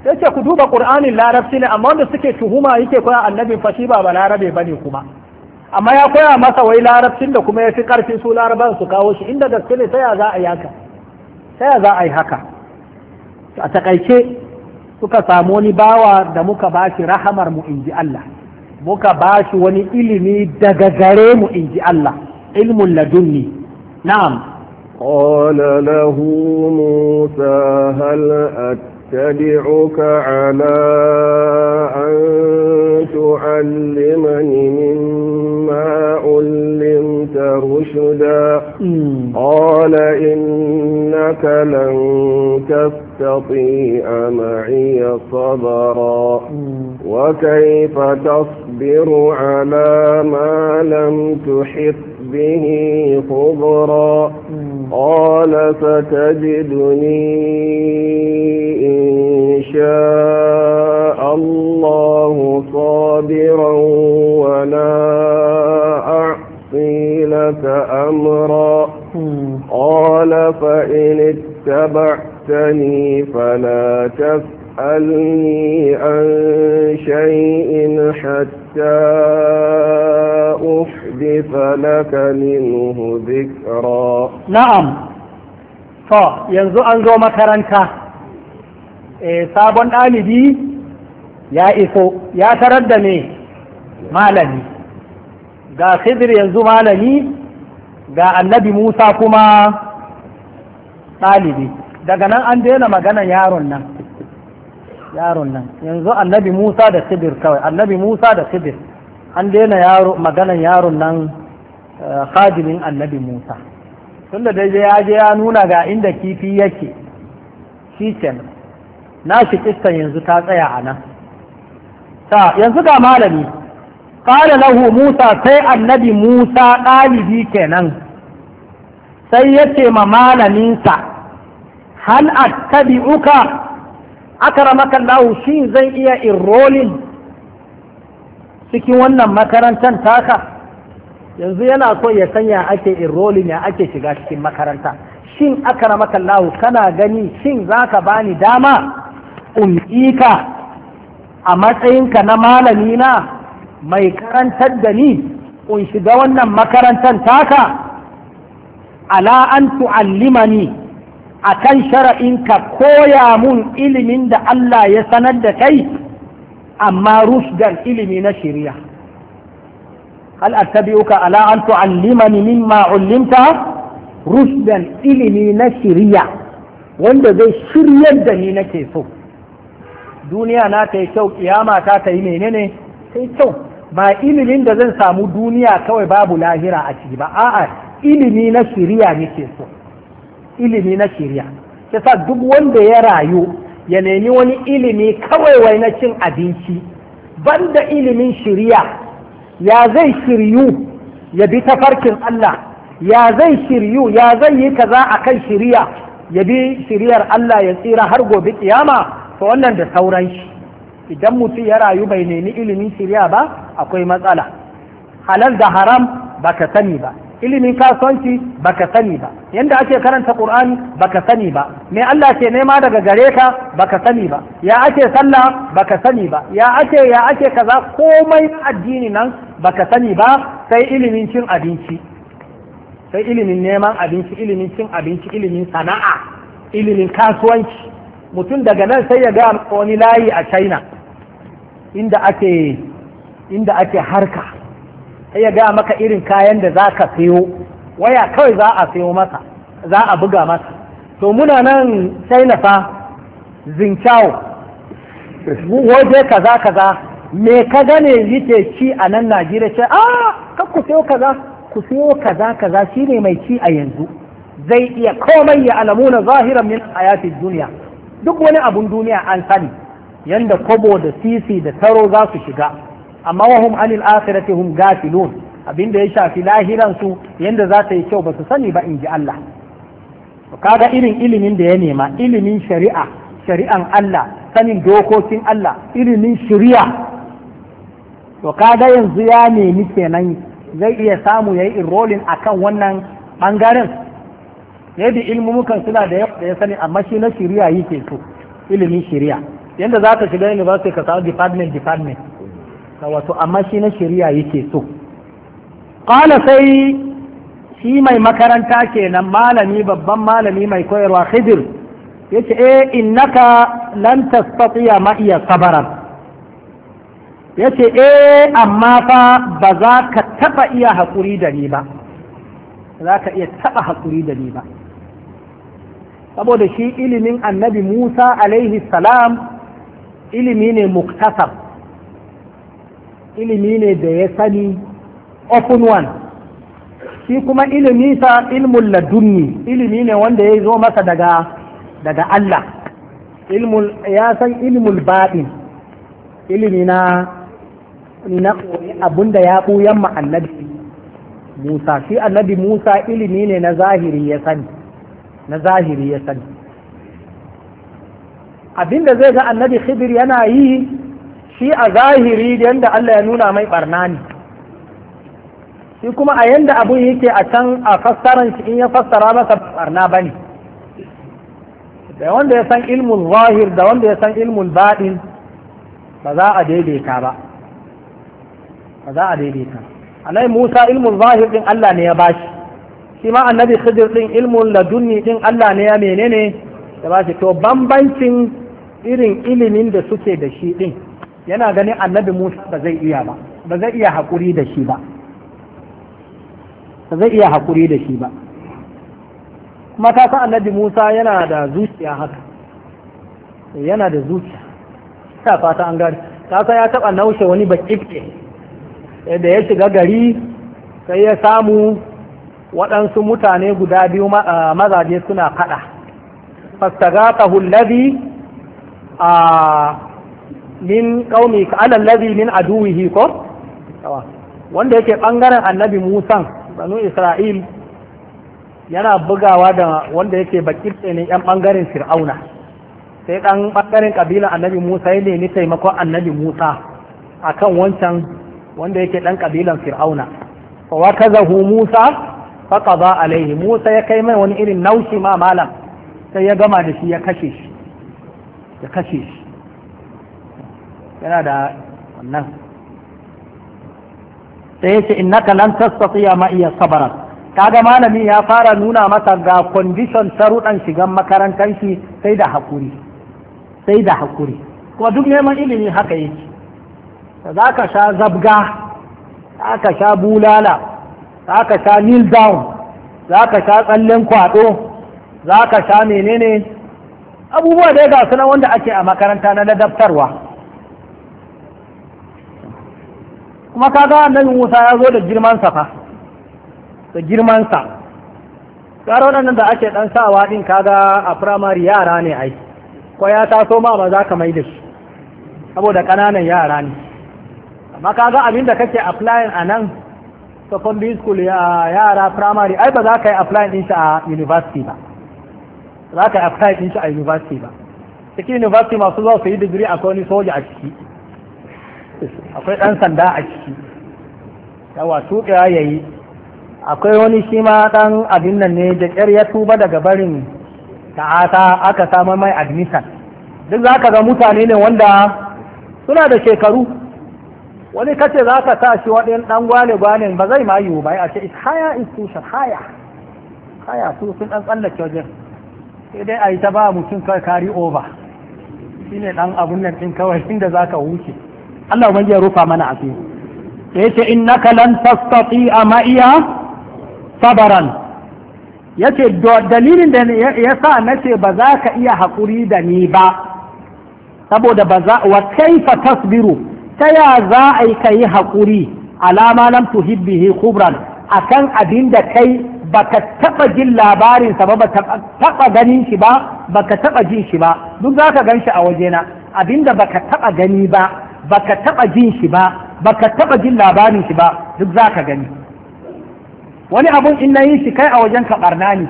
sai ce ku duba Qur'anin larabci ne amma wanda suke tuhuma yake koya annabi fa shi ba ba bane kuma amma ya koya masa wai larabcin da kuma ya fi ƙarfin su laraban su kawo shi inda gaske ne ta ya za a yi haka ta ya za a yi haka a takaice suka samu wani bawa da muka ba shi rahamar mu inji Allah muka ba shi wani ilimi daga gare mu inji Allah ilmun ladunni na'am قال له موسى هل أتبعك على أن تعلمني مما علمت رشدا قال إنك لن تستطيع معي صبرا وكيف تصبر على ما لم تحط به خبرا قال فتجدني إن شاء الله صابرا ولا أعصي لك أمرا قال فإن اتبعتني فلا تفتح تسألني عن شيء حتى أحدث لك منه ذكرا نعم to yanzu an zo makaranta e, sabon ɗalibi ya iso ya tarar da ne malami ga khidir yanzu malami ga annabi musa kuma ɗalibi daga nan an daina maganan yaron nan yaron nan yanzu annabi musa da sibir kawai annabi musa da sibir an daina yaro maganan yaron nan eh, hadimin annabi musa tunda da ya je ya nuna ga inda kifi yake shi kenan na shi kistan yanzu ta tsaya a nan ta yanzu ga malami qala lahu musa sai annabi musa ɗalibi kenan sai ya ce ma malaminsa hal attabi'uka akaramaka lahu shi zai iya enrolling cikin wannan makarantar taka yanzu yana so ya sanya ake enrolling ya ake shiga cikin makaranta shin akaramaka lahu kana gani shin zaka bani dama umika a matsayinka na malami na mai karantar da ni in shiga wannan makarantar taka ala an tu'allimani akan shara'in ka koya mun ilimin da Allah ya sanar da kai amma rusdan ilimi na shirya hal attabi'uka ala an tu'allimani mimma ullimta rusdan ilimi na shirya wanda zai shiryar da ni nake so duniya na ta yi kyau kiyama ta ta yi menene ta yi kyau ba ilimin da zan samu duniya kawai babu lahira a ciki ba a'a ilimi na shirya nake so ilimi na shirya yasa duk wanda ya rayu ya nemi wani ilimi kawai wai na cin abinci banda ilimin shirya ya zai shiryu ya bi tafarkin Allah ya zai shiryu ya zai yi kaza kan shirya ya bi shiryar Allah ya tsira har gobe kiyama to wannan da sauran shi idan mutum ya rayu bai nemi ilimin shirya ba akwai matsala halal da haram ba ka sani ba ilimin kasuwanci baka sani ba yanda ake karanta qur'ani baka sani ba me Allah ke nema daga gare ka baka sani ba ya ake sallah baka sani ba ya ake ya ake kaza komai addini nan baka sani ba sai ilimin cin abinci sai ilimin neman abinci ilimin cin abinci ilimin sana'a ilimin kasuwanci mutum daga nan sai ya ga wani layi a china inda ake inda ake harka sai ya gaya maka irin kayan da za ka sayo waya kawai za a sayo masa za a buga masa to muna nan sai na fa zincawo waje kaza kaza me ka gane yake ci a nan najeriya ce a ah, ka ku sayo kaza ku sayo kaza kaza ne mai ci a yanzu zai iya komai ya alamuna zahiran min hayatid duniya duk wani abun duniya an sani yanda kobo da sisi da taro za su shiga amma wahum anil akhirati hum gafilun abinda ya shafi lahiran su yanda za ta yi kyau ba su sani ba inji ji Allah kaga irin ilimin da ya nema ilimin shari'a shari'an Allah sanin dokokin Allah ilimin shari'a to kaga yanzu ya nemi kenan zai iya samu yayi enrolling akan wannan bangaren yadda ilmumukan suna da ya sani amma shi na shari'a yake so ilimin shari'a yanda za ka shiga university ka samu department department wato amma shi na shari'a yake so qala sai shi mai makaranta kenan malami babban malami mai koyarwa khidir yace eh innaka lan tastati'a ma iya sabara yace eh amma fa ba za ka taba iya hakuri da ni ba za ka iya taba hakuri da ni ba saboda shi ilimin annabi Musa alaihi salam ilimi ne muktasab ilimi ne da ya sani open one shi kuma ilimi sa ilmul ladunni ilimi ne wanda ya zo masa daga daga Allah ilmul ya san ilmul baɗin ilimi na na abunda ya ɓuyan ma annabi Musa shi annabi Musa ilimi ne na zahiri ya sani na zahiri ya sani abinda zai ga annabi Khidir yana yi shi a zahiri da yadda Allah ya nuna mai barna ne shi kuma a yadda abun yake a can a fassaran shi in ya fassara masa barna ba ne da wanda ya san ilmul zahir da wanda ya san ilmul baɗin ba za a daidaita ba ba za a daidaita A nan musa ilmul zahir din Allah ne ya bashi shi ma annabi khidir din ilmul ladunni din Allah ne ya menene ya bashi to bambancin irin ilimin da suke da shi din yana ganin annabi Musa ba zai iya ba ba zai iya haƙuri da shi ba ba zai iya haƙuri da shi ba kuma ka san annabi Musa yana da zuciya haka eh, yana da zuciya ta fata an gari ka san ya taɓa naushe wani baƙiƙe eh, da ya shiga gari sai ya samu waɗansu mutane guda biyu ah, mazaje suna faɗa fastagatahu alladhi a ah, min qaumi ka alal ladhi min aduwihi ko wanda yake bangaren annabi Musa banu Isra'il yana bugawa da wanda yake bakin ne yan bangaren Fir'auna sai dan bangaren kabilan annabi Musa ya nemi taimakon annabi Musa akan wancan wanda yake dan kabilan Fir'auna fa wakazahu Musa fa qada alaihi Musa ya kai mai wani irin naushi ma malam sai ya gama da shi ya kashe shi ya kashe shi yana da wannan sai yace innaka lan tastati'a ma iya sabara kaga malami ya fara nuna masa ga condition sharuɗan shigan makarantar shi sai da hakuri sai da hakuri kuma duk neman ilimi haka yake za ka sha zabga za ka sha bulala za ka sha kneel down za ka sha tsallen kwaɗo za ka sha menene abubuwa da ya gasu na wanda ake a makaranta na ladabtarwa kuma kaga annabi Musa ya zo da girman sa fa da girman sa karo nan da ake dan sawa din kaga a primary yara ne ai ko ya taso ma ba za ka mai da shi saboda kananan yara ne amma kaga abin da kake applying a nan secondary school ya yara primary ai ba za ka yi applying din shi a university ba za ka yi applying din shi a university ba cikin university masu zuwa su yi digiri a wani soja a ciki akwai ɗan sanda a ciki yawa tuƙewa ya yi akwai wani shi ma ɗan abin nan ne da ƙyar ya tuba daga barin ta'ata aka samar mai admission duk za ka ga mutane ne wanda suna da shekaru wani kace za ka sa shi waɗin ɗan gwane gwane ba zai ma ba a ce haya institution haya haya su sun ɗan tsallake wajen sai dai a yi ta ba mutum kawai kari over shi ne ɗan abun nan ɗin kawai inda za ka wuce Allah ubangiji ya rufa mana asiri sai ce innaka lan tastati'a ma'iya sabaran yace dalilin da yasa nace ba za ka iya haƙuri da ni ba saboda ba za wa kaifa tasbiru ta ya za a yi ka yi haƙuri alama lam tuhibbihi kubran akan abin da kai baka taba jin labarinsa ba taba ganin shi ba baka taba jin shi ba duk za ka gan shi a wajena abin da baka taba gani ba baka taba jin shi ba baka taba jin labarin shi ba duk zaka gani wani abun in na yi shi kai a wajen ka barna ne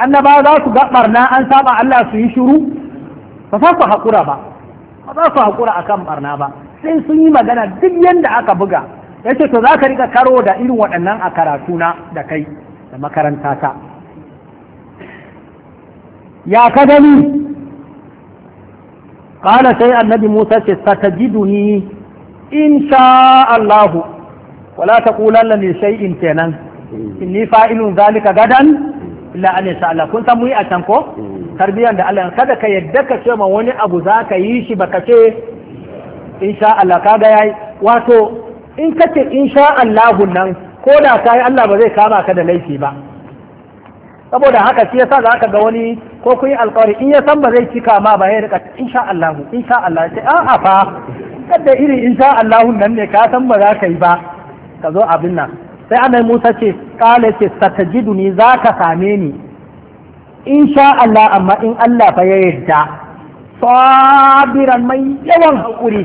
annaba za su ga barna an saba Allah su yi shiru ba za su haƙura ba ba za su haƙura akan barna ba sai sun yi magana duk yadda aka buga ya ce to za ka rika karo da irin waɗannan a karatuna da kai da makaranta ta ya ka gani qala sai annabi Musa ce satajiduni insha Allah wala taqulanna li shay'in kenan inni fa'ilun zalika gadan illa an insha Allah kun san mu yi a can ko tarbiyyar da Allah kada ka yadda ka ce ma wani abu za ka yi shi baka ce insha Allah kaga yayi wato in kace insha nan ko da kai Allah ba zai kama ka da laifi ba saboda haka shi yasa za ka ga wani ko kun yi alkawari in ya san ba zai cika ma ba ya rika insha Allah insha Allah sai a a fa kada irin insha Allah nan ne ka san ba za ka yi ba ka zo abin nan sai annabi Musa ce qala ce satajiduni za ka same ni insha Allah amma in Allah fa ya yarda sabiran mai yawan hakuri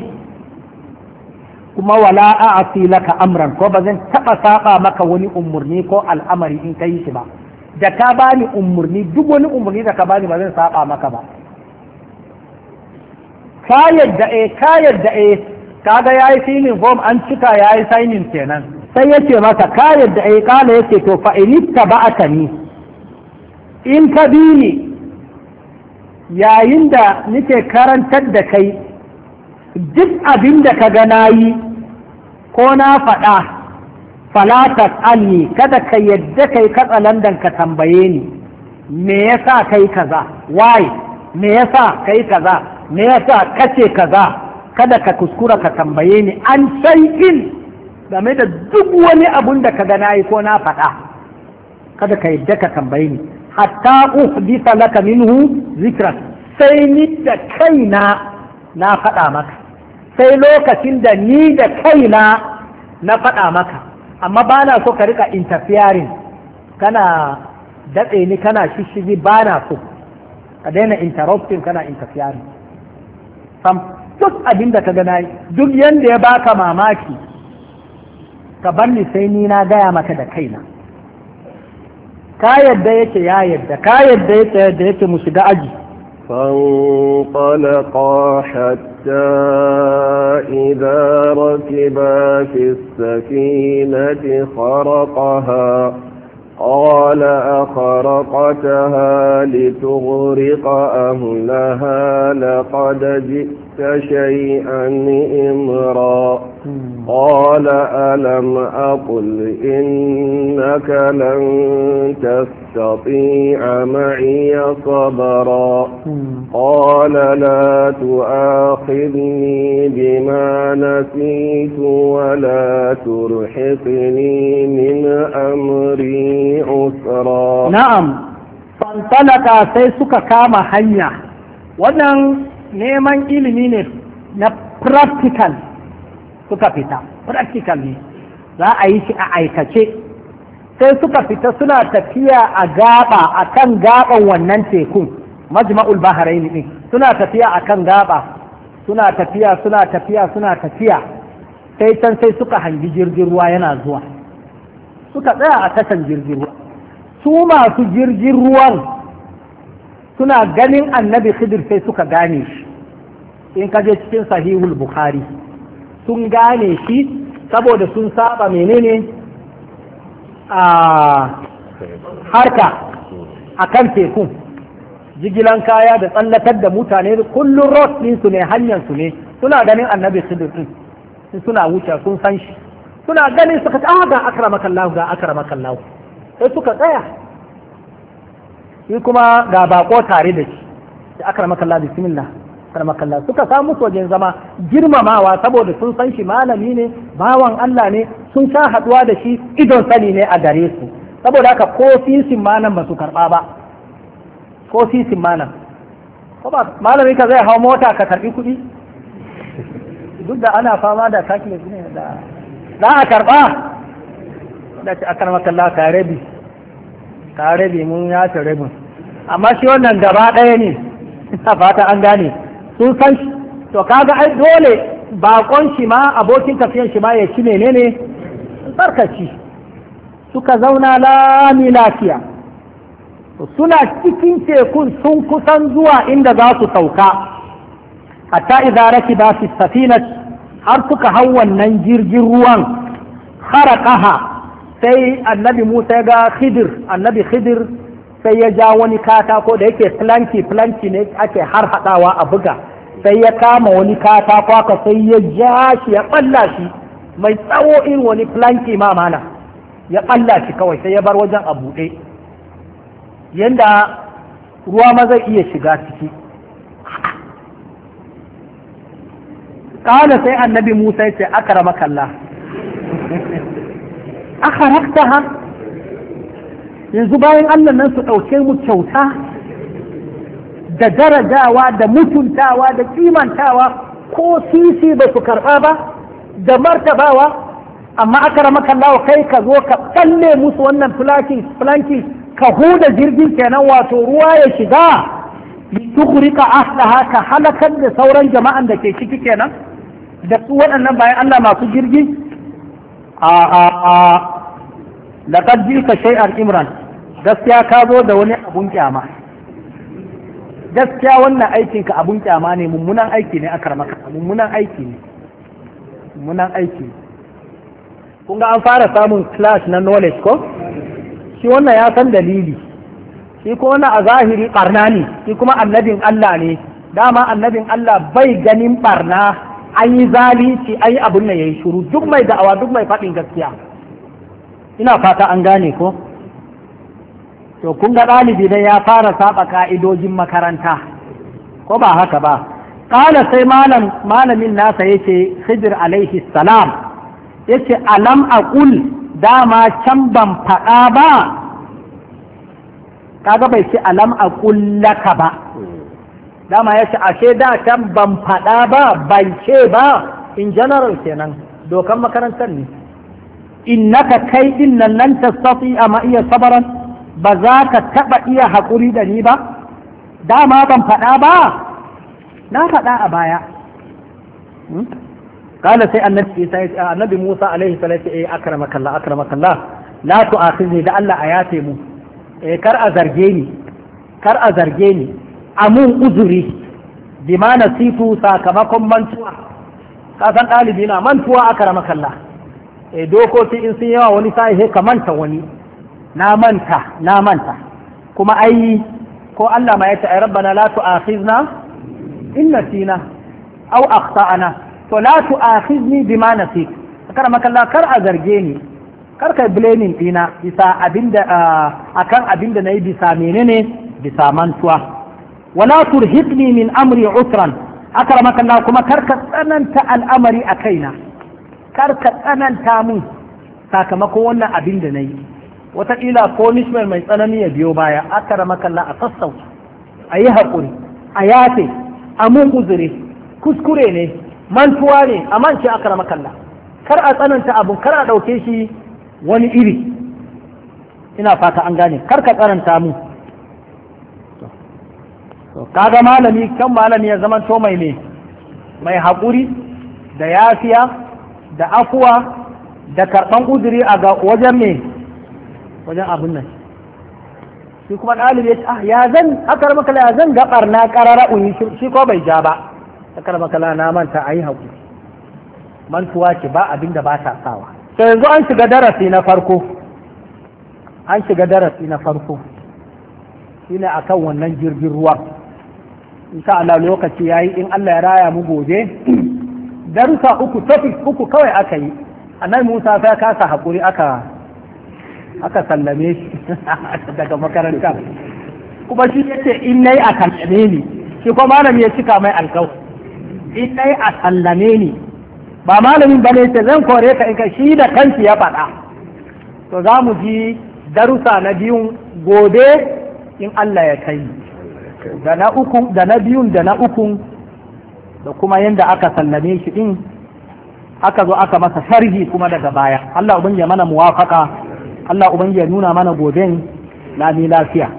kuma wala a'asi laka amran ko ba zan taba saba maka wani umurni ko al'amari in kai shi ba da ka bani umarni duk wani umarni da ka bani ba zan saba maka ba ka yadda eh ka yadda eh kaga yayi signing form an cika yayi signing kenan sai yace maka ka yadda eh kana yace to fa in ka ni in ka bi ni yayin da nike karantar da kai duk abin da ka ga nayi ko na faɗa falatar alni kada ka yadda kai katsalandan ka tambaye ni me yasa kai kaza why me yasa kai kaza me yasa kace kaza kada ka kuskura ka tambaye ni an shay'in game da duk wani abun da ka ga nayi ko na faɗa kada ka yadda ka tambaye ni hatta uhdisa laka minhu zikran sai ni da kaina na faɗa maka sai lokacin da ni da kaina na faɗa maka amma ba na so ka rika interfering kana datse ni kana shishigi ba na so ka daina interrupting kana interfering sam duk abin da ka gana duk yanda ya baka mamaki ka bar ni sai ni na gaya maka da kaina ka yadda yake ya yadda ka yadda yake yadda yake mu shiga aji فانطلقا حتى إذا ركبا في السفينة خرقها قال أخرقتها لتغرق أهلها لقد جئت جئت شيئا إمرا قال ألم أقل إنك لن تستطيع معي صبرا قال لا تؤاخذني بما نسيت ولا ترحقني من أمري عسرا نعم فانطلقا سيسك كام حيا wannan neman ilimi ne na practical suka fita practical ne za a yi shi a aikace sai suka fita suna tafiya a gaba a kan gaban wannan tekun majma'ul baharai ne suna tafiya a kan gaba suna tafiya suna tafiya suna tafiya sai can sai suka hangi jirgin ruwa yana zuwa suka tsaya a tashan jirgin ruwa su masu jirgin ruwan suna ganin annabi khidir sai suka gane shi in kaje cikin sahihul bukhari sun gane shi saboda sun saba menene a harka a kan teku jigilan kaya da tsallatar da mutane kullum road ɗinsu ne hanyar su ne suna ganin annabi sun suna wuce sun san shi suna ganin suka ta ah, ga akramakan lahu ga akramakan lahu sai suka tsaya shi kuma ga bako tare da shi da akramakan lahu bismillah karmakalla suka samu sojin zama girmamawa saboda sun san shi malami ne bawan Allah ne sun sha haduwa da shi idon sani ne a gare su saboda haka ko sisin malam ba su karba ba ko sisin malam ko ba malami ka zai hau mota ka karbi kuɗi duk da ana fama da taki ne da za a karba da ce akan makalla ka rabi ka rabi mun ya ta rabin amma shi wannan gaba ɗaya ne [LAUGHS] fata an gane sun san shi to kaga ai dole bakon shi ma abokin tafiyan shi ma ya ci menene tsarkaci suka zauna lami lafiya suna cikin tekun sun kusan zuwa inda za su sauka hatta idza ba fi safina har suka hau wannan jirgin ruwan ƙaha sai annabi Musa ya ga Khidir annabi Khidir sai ya ja wani katako da yake planki planki ne ake har hadawa a buga sai ya kama wani katako aka sai ya ja shi ya balla shi mai tsawo in wani planki ma mana ya ɓalla shi kawai sai ya bar wajen a buɗe yadda ruwa ma zai iya shiga ciki kala sai annabi musa ya ce akara makalla [LAUGHS] akarakta ha yanzu bayan Allah nan su ɗauke mu kyauta da darajawa da mutuntawa da kimantawa ko sisi ba su karɓa ba da martabawa amma aka rama kallawa kai ka zo ka tsalle musu wannan filanki ka huda jirgin kenan wato ruwa ya shiga litukurika ahlaha ka halakar da sauran jama'an da ke ciki kenan da su waɗannan bayan Allah masu jirgi a a a laqad ka shay'an imran gaskiya ka zo da wani abun kyama gaskiya wannan aikinka abun kyama ne mummunan aiki ne aka maka mummunan aiki ne mummunan aiki ne kun ga an fara samun clash na knowledge ko shi wannan ya san dalili shi ko wannan a zahiri barna ne shi kuma annabin Allah ne dama annabin Allah bai ganin barna an yi zalici an yi abin nan yi shuru, duk mai da'awa duk mai faɗin gaskiya ina fata an gane ko to kun ga ɗalibi dai ya fara saba ka'idojin makaranta ko ba haka ba ƙala sai malamin nasa yake khidir alaihi salam yace alam aqul dama can ban faɗa ba kaga bai ce alam aqul laka ba dama ya ce ashe da can ban faɗa ba ban ce ba in general kenan dokan makarantar ne innaka kai din nan lan tastati ama iya sabaran ba za ka taɓa iya haƙuri da ni ba dama ban faɗa ba na faɗa a baya hmm? kala sai annabi ah, musa alaihi salatu Makalla, eh, akramaka Makalla. Na allah la ne da allah a yafe mu eh, kar a zarge ni kar a zarge ni amun uzuri bima nasitu sakamakon mantuwa ka san ɗalibi na mantuwa akramaka allah eh dokoki in sun yawa wani sai ka manta wani na manta na manta kuma ai ko Allah ma ya ce ai rabbana la tu'akhizna in nasina aw akhtana to la tu'akhizni bima nasit kar makalla kar a zarge ni kar kai blaming dina bisa abinda akan abinda nayi bisa menene bisa mantuwa wala turhiqni min amri utran akramaka Allah kuma kar ka tsananta al'amari a kaina kar ka tsananta mun sakamakon wannan abin da nayi wataƙila punishment mai tsanani ya biyo baya aka rama kalla a sassauta a yi haƙuri a yafe a mun uzuri kuskure ne mantuwa ne a manci aka rama kalla kar a tsananta abun kar a ɗauke shi wani iri ina fata an gane kar ka tsananta mu kaga malami kan malami ya zama to mai ne mai haƙuri da yafiya da afuwa da karɓan uzuri a wajen mai wajen abin nan shi kuma ɗalibi ya ce ah ya zan akar makala ya zan gabar na ƙarara uni shi ko bai ja ba akar makala na manta a yi haƙuri mantuwa ce ba abin da ba ta sawa sai yanzu an shiga darasi na farko an shiga darasi na farko shine akan wannan jirgin ruwa sa Allah lokaci yayi in Allah ya raya mu gobe darussa uku tafi uku kawai aka yi annabi Musa sai kasa hakuri aka aka sallame shi [LAUGHS] daga makaranta kuma shi ya ce in yi a sallame ni shi kuma malami ya cika mai alkau in yi a sallame ni ba malamin bane ce zan kore ka in ka shi da kanki ya faɗa to za mu ji darusa na biyun gobe in Allah ya kai da na uku da na biyun da na ukun da kuma yanda aka sallame shi din aka zo aka masa sharhi kuma daga baya Allah ubin ya mana muwafaka Allah ubangiji ya nuna mana goben lami lafiya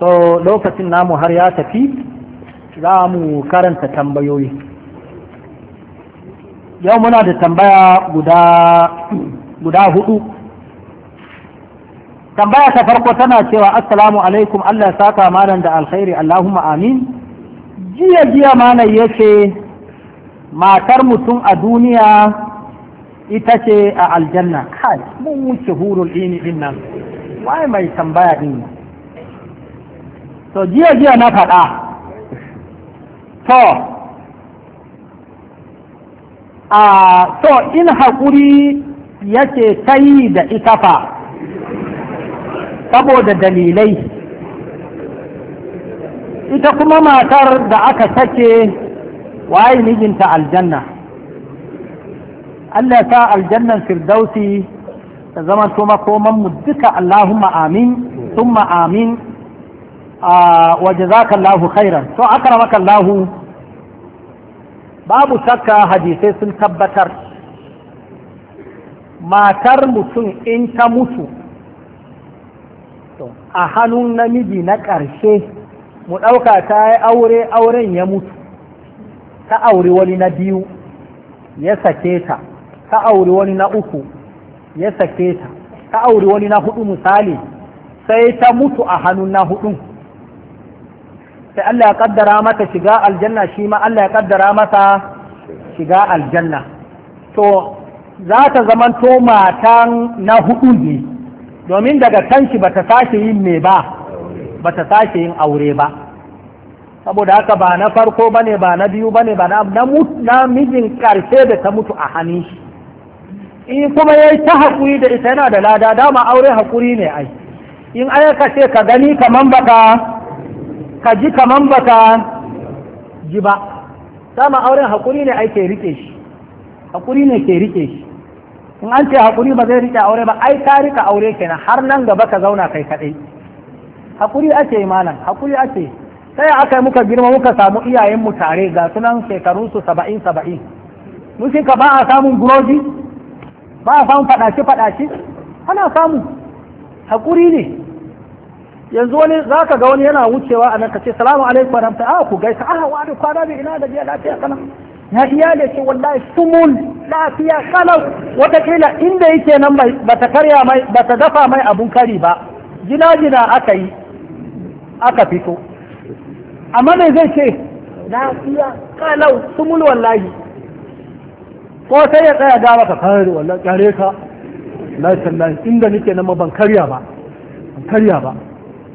so lokacin namu har ya tafi za mu karanta tambayoyi yau muna da tambaya guda guda hudu tambaya ta farko tana cewa assalamu alaikum Allah ya saka malam da alkhairi Allahumma amin jiya jiya mana yace matar mutum a duniya ita ce a aljanna kai mun wuce hurul ini din nan wai mai tambaya din to jiya jiya na faɗa to a to in haƙuri yake ta yi da ita fa saboda dalilai ita kuma matar da aka sake waye mijinta aljanna Allah ya sa aljannan firdausi ta zama to makoman mu duka Allahumma amin thumma amin wa jazakallahu khairan to akramaka Allah babu shakka hadisai sun tabbatar matar mutum in ta mutu a hannun namiji na ƙarshe mu ɗauka ta yi aure auren ya mutu ta auri wani na biyu ya sake ta Ta auri wani na uku ya sake ta Ta auri wani na hudu misali sai ta mutu a hannun na hudun sai Allah ya kaddara mata shiga aljanna shi ma Allah ya kaddara mata shiga aljanna to za ta zamanto matan na hudu ne domin daga kanshi bata sake yin me ba bata sake yin aure ba saboda haka ba na farko bane ba na biyu bane ba na mijin karshe da ta mutu a hannun shi in kuma ya yi ta haƙuri da ita yana da lada dama aure haƙuri ne ai in ai ka ce ka gani kaman baka ka ji kaman baka ji ba dama auren haƙuri ne ai ke rike shi haƙuri ne ke rike shi in an ce haƙuri ba zai rike aure ba ai ka rika aure kenan har nan gaba ka zauna kai kaɗai haƙuri ake yi malam haƙuri ake sai aka yi muka girma muka samu iyayenmu tare ga sunan shekarunsu saba'in saba'in mun ka ba a samun guroji ba a samun faɗace-faɗace ana samu haƙuri ne yanzu wani za ka ga wani yana wucewa a nan ka ce salamu alaikum wa ta'ala ah, ku gaisa a hawa da kwana bi ina da biya lafiya kana ya iya da ce wallahi sumul lafiya kalau kila inda yake nan bata karya mai bata dafa mai abun kari ba Gina jina aka yi aka fito amma ne zai ce lafiya kalau sumul wallahi ko sai ya tsaya ga maka kare wallahi kare ka la sallahi inda nake nan ban karya ba ban karya ba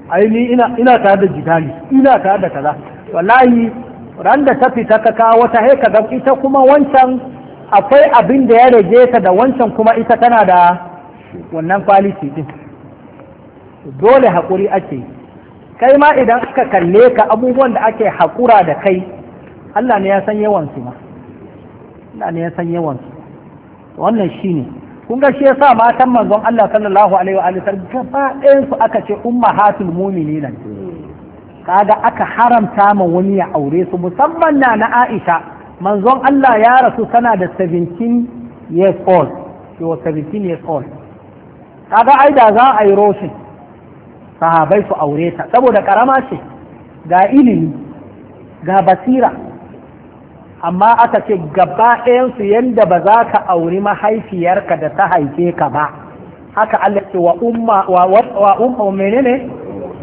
ai ni ina ina tare da jidali ina tare da kaza wallahi ran da ta fita ka ka wata haika ga ita kuma wancan akwai abin da ya rage ta da wancan kuma ita tana da wannan quality din dole haƙuri ake kai ma idan aka kalle ka abubuwan da ake haƙura da kai Allah ne ya san yawan su ma ina ne ya san yawansu wannan shi ne kun ga shi yasa matan manzon Allah sallallahu alaihi wa alihi gaba ɗayan su aka ce ummahatul mu'minin kaga aka haramta ma wani ya aure su musamman na na Aisha manzon Allah ya rasu sana da 17 years old she was 17 years old kaga ai da za a yi roshin sahabai su aure ta saboda karama ce ga ilimi ga basira amma aka ce gaba ɗayansu yadda ba za ka auri mahaifiyarka da ta haife ka ba haka Allah ce wa umma wa wa umma menene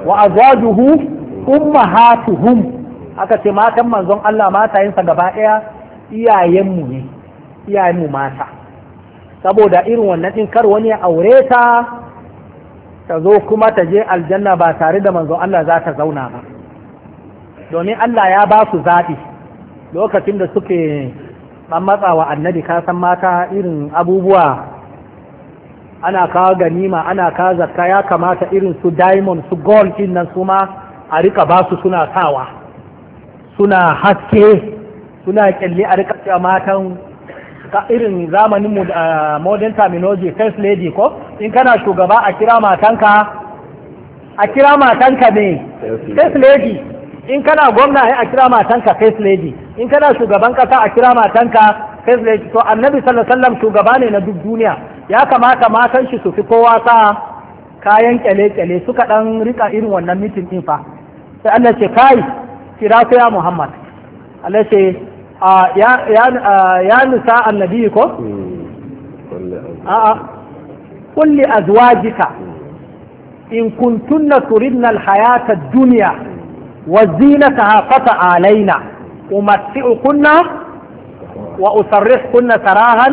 wa azwajuhu ummahatuhum aka ce matan manzon Allah yinsa gaba ɗaya iyayenmu ne iyayenmu mata saboda irin wannan ɗin kar wani ya aure ta ta zo kuma ta je aljanna ba tare da manzon Allah za ta zauna ba domin Allah ya ba su zaɓi lokacin da suke ɗan matsawa annabi kasan mata irin abubuwa ana kawo ganima ana kawo zakka ya kamata irin su diamond su gold din nan su ma a rika ba su suna sawa suna haske suna kyalli a rika cewa matan ka irin zamanin mu da ah, modern terminology first lady ko in kana shugaba a kira matanka a kira matanka ne first lady in kana gwamna a kira matanka first lady in kana shugaban kasa a kira matanka first lady to annabi sallallahu alaihi wasallam shugaba ne na duk duniya ya kamata matan shi su fi kowa sa kayan kyale-kyale suka dan rika irin wannan mitin din fa sai Allah ce kai kira ku ya Muhammad Allah ce ya ya nisa annabi ko hmm. a'a kulli azwajika in kuntunna turidna al-hayata duniya. dunya وزينتها فتعالينا أمتعكن وأسرحكن سراها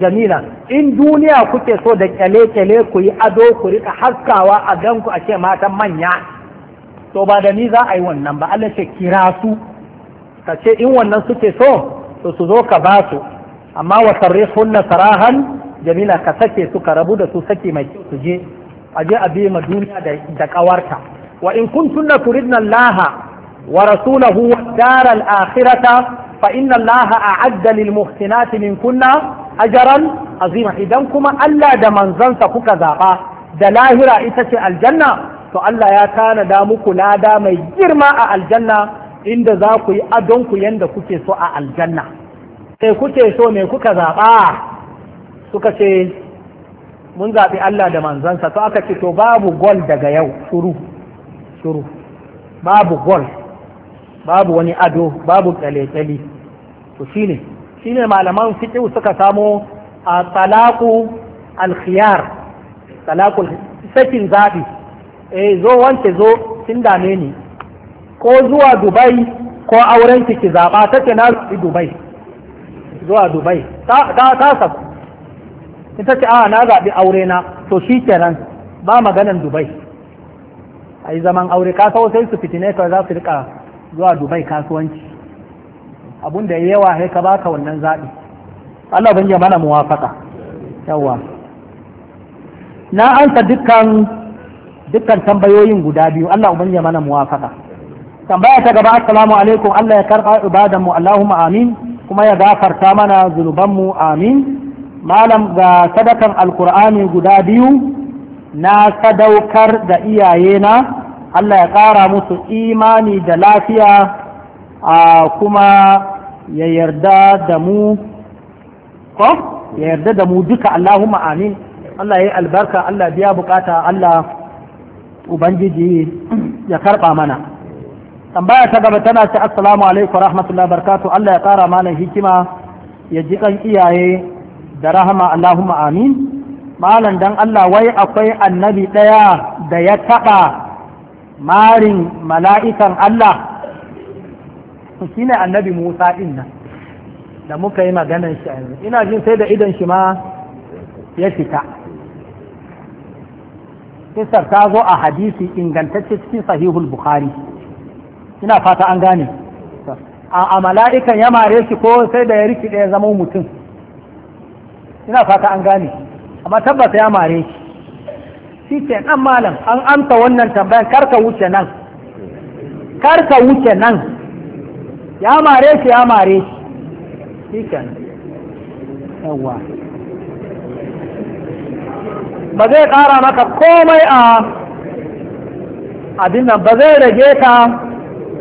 جميلا in duniya kuke so da kyale-kyale ku yi ado ku rika haskawa a ganku a ce matan manya to ba da ni za a yi wannan ba Allah ce kira su ka ce in wannan suke so to su zo ka ba su amma wa sarrihunna sarahan jamila ka sake su ka rabu da su sake mai su je a je a duniya da kawarta wa in kuntunna turidna Allah wa rasulahu wa daral akhirata fa inna Allah a'adda lil muhsinati kunna ajran azima idan kuma Allah da manzansa kuka zaɓa da lahira ita ce aljanna to Allah ya tanada muku lada mai girma a aljanna inda za ku yi adonku yanda kuke so a aljanna sai kuke so me kuka zaɓa? suka ce mun zaɓi Allah da manzansa to aka ce to babu gol daga yau shuru shuru babu gol babu wani ado babu kyale-kyale to shine shine malaman fiqh suka samo a talaku alkhiyar talaku sakin zabi eh zo wance zo kin dame ni ko zuwa dubai ko auren ki ki zaba take na dubai zuwa dubai ta ta sabu ita ce a ah, na zabi aure na to kenan ba maganan dubai a yi zaman aure kasawo sai su fitine ka za su rika zuwa dubai kasuwanci abun da yawa sai ka baka wannan zaɓi Allah ban ya mana muwafaka yawa na ansa dukkan dukkan tambayoyin guda biyu Allah ban ya mana muwafaka tambaya ta gaba assalamu alaikum Allah ya karɓa ibadan mu Allahumma amin kuma ya gafarta mana zulubanmu amin malam ga sadakan alkur'ani guda biyu na sadaukar da iyayena Allah ya ƙara musu imani da lafiya a kuma ya yarda da mu ko ya yarda da mu duka Allahumma amin Allah ya yi albarka Allah biya bukata Allah Ubangiji ya karɓa mana tambaya ta gaba tana ce assalamu alaikum rahmatullahi barkatu Allah ya ƙara mana hikima ya ji ɗan iyaye da rahama Allahumma amin malam dan Allah wai akwai annabi ɗaya da ya taɓa marin mala'ikan Allah shi ne annabi Musa ɗin nan da muka yi maganan shi yanzu ina jin sai da idan shi ma ya fita kisar ta zo a hadisi ingantacce cikin sahihul bukhari ina fata an gane a mala'ikan ya mare shi ko sai da ya rikide ya zama mutum ina fata an gane amma tabbata ya mare shi shi ce ɗan malam an amsa wannan tambayan karka wuce nan karka wuce nan ya mare shi ya mare shi shi kenan yawa ba zai ƙara maka komai a abin nan ba zai rage ka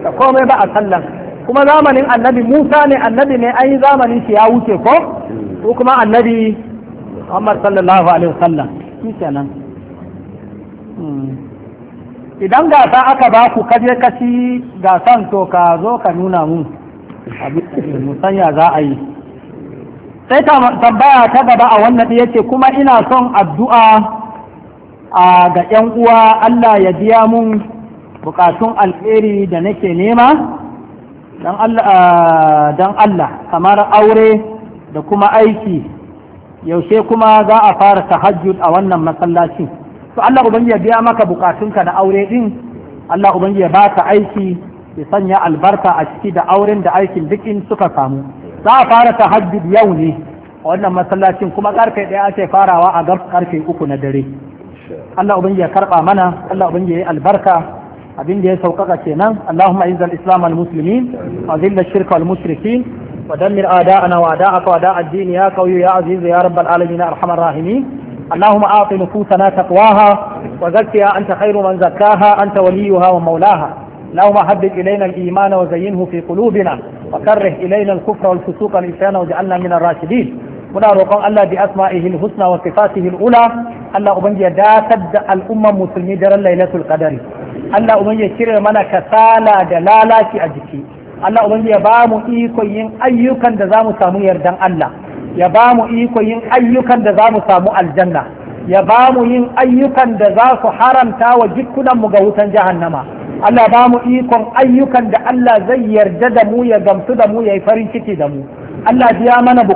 da komai ba a sallan kuma zamanin annabi musa ne annabi ne an yi zamanin shi ya wuce ko ko kuma annabi Muhammad sallallahu alaihi wasallam shi hmm. idan gasa aka ba ku kaje kashi gasan to ka zo ka nuna mu abin sanya za a yi sai tambaya ta gaba a wannan yake kuma ina son addu'a a ga ‘yan uwa Allah ya biya mun bukatun alheri da nake nema don Allah kamar aure da kuma aiki yaushe kuma za a fara tahajjud a wannan masallacin to Allah ubangi ya biya maka bukatunka na aure din Allah ubangi ya baka aiki ya sanya albarka a ciki da auren da aikin duk in suka samu za a fara tahajjud yau ne a wannan masallacin kuma karfe ɗaya ake farawa a karfe uku na dare Allah ubangi ya karba mana Allah ubangi ya yi albarka abin da ya sauƙaƙa kenan Allahumma izzal islamal musulmi. muslimin wa dhilla shirka al mushrikin ودمر آداءنا وآداءك وآداء الدين يا قوي يا عزيز يا رب العالمين أرحم الراحمين اللهم أعط نفوسنا تقواها وزكها أنت خير من زكاها أنت وليها ومولاها اللهم حبب إلينا الإيمان وزينه في قلوبنا وكره إلينا الكفر والفسوق والعصيان واجعلنا من الراشدين muna roƙon Allah bi asma'ihi al-husna wa sifatihi al-ula Allah ubangi ya datar da al'umman musulmi daren lailatul qadari Allah ubangi ya cire mana kasala da lalaci a jiki Allah ubangi ya ba mu ikon yin ayyukan da za mu samu yardan Allah ya ba mu ikon yin ayyukan da za mu samu aljanna ya ba mu yin ayyukan da za su haramta wa jikunan mu ga wutan jahannama Allah ba mu ikon ayyukan da Allah zai yarda da mu ya gamsu da mu ya yi farin ciki da mu Allah biya mana mu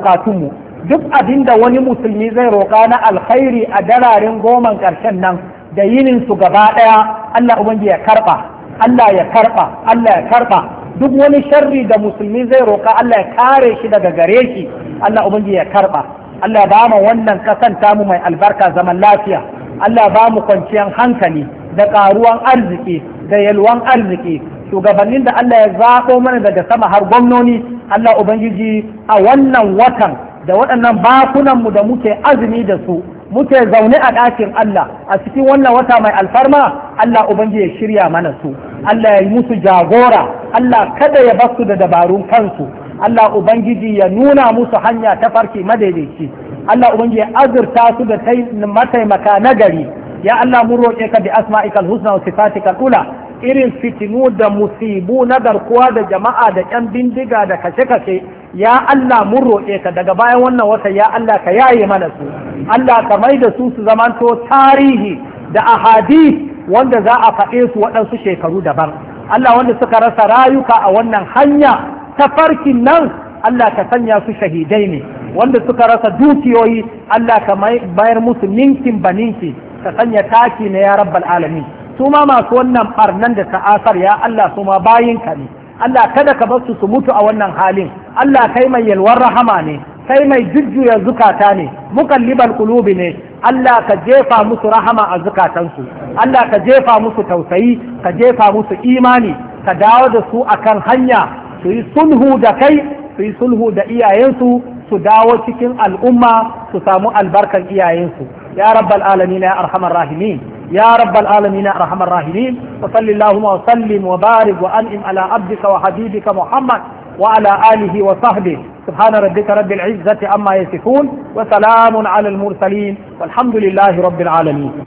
duk abin da wani musulmi zai roƙa na alkhairi a dararin goman ƙarshen nan da yinin su gaba ɗaya Allah ubangi ya karɓa Allah ya karɓa Allah ya karɓa duk wani sharri da musulmi zai roƙa Allah ya kare shi daga gare shi Allah ubangi ya karba Allah ya bamu wannan kasan tamu mai albarka zaman lafiya Allah ya bamu kwanciyar hankali da ƙaruwan arziki da yalwan arziki shugabannin da Allah ya zaɓo mana daga sama har gwamnoni Allah ubangiji a wannan watan da waɗannan bakunan mu da muke azumi da su muke zaune a ɗakin Allah a cikin wannan wata mai alfarma Allah ubangiji ya shirya mana su Allah ya yi musu jagora Allah kada ya basu da dabarun kansu Allah ubangiji ya nuna musu hanya ta farki madaidaici Allah ubangiji ya azurta su da mataimaka nagari ya Allah mun roƙe ka bi asma'ikal husna wa sifatikal ula irin fitinu da musibu na garkuwa da jama'a da ƴan bindiga da kashe-kashe ya Allah mun roƙe ka daga bayan wannan wata ya Allah ka yaye mana su Allah ka mai da su su zamanto tarihi da ahadith wanda za a faɗe su waɗansu shekaru daban Allah wanda suka rasa rayuka a wannan hanya ta farkin nan Allah ka sanya su shahidai ne wanda suka rasa dukiyoyi Allah ka bayar musu ninkin ninki ka sanya taki na ya rabbal alamin su ma masu wannan barnan da ta'asar ya Allah su ma ka ne Allah kada ka bar su su mutu a wannan halin Allah kai mai yalwar rahama ne kai mai jujjuya zukata ne mukallibal qulubi ne Allah ka jefa musu rahama a zukatansu Allah ka jefa musu tausayi ka jefa musu imani ka dawo da su akan hanya su yi sulhu da kai su yi sulhu da iyayensu su dawo cikin al'umma su samu albarkan iyayensu ya rabbal alamin ya arhamar rahimin يا رب wa يا ارحم الراحمين wa اللهم وسلم وبارك وانعم على عبدك habibika muhammad. وعلى آله وصحبه سبحان ربك رب العزة عما يصفون وسلام على المرسلين والحمد لله رب العالمين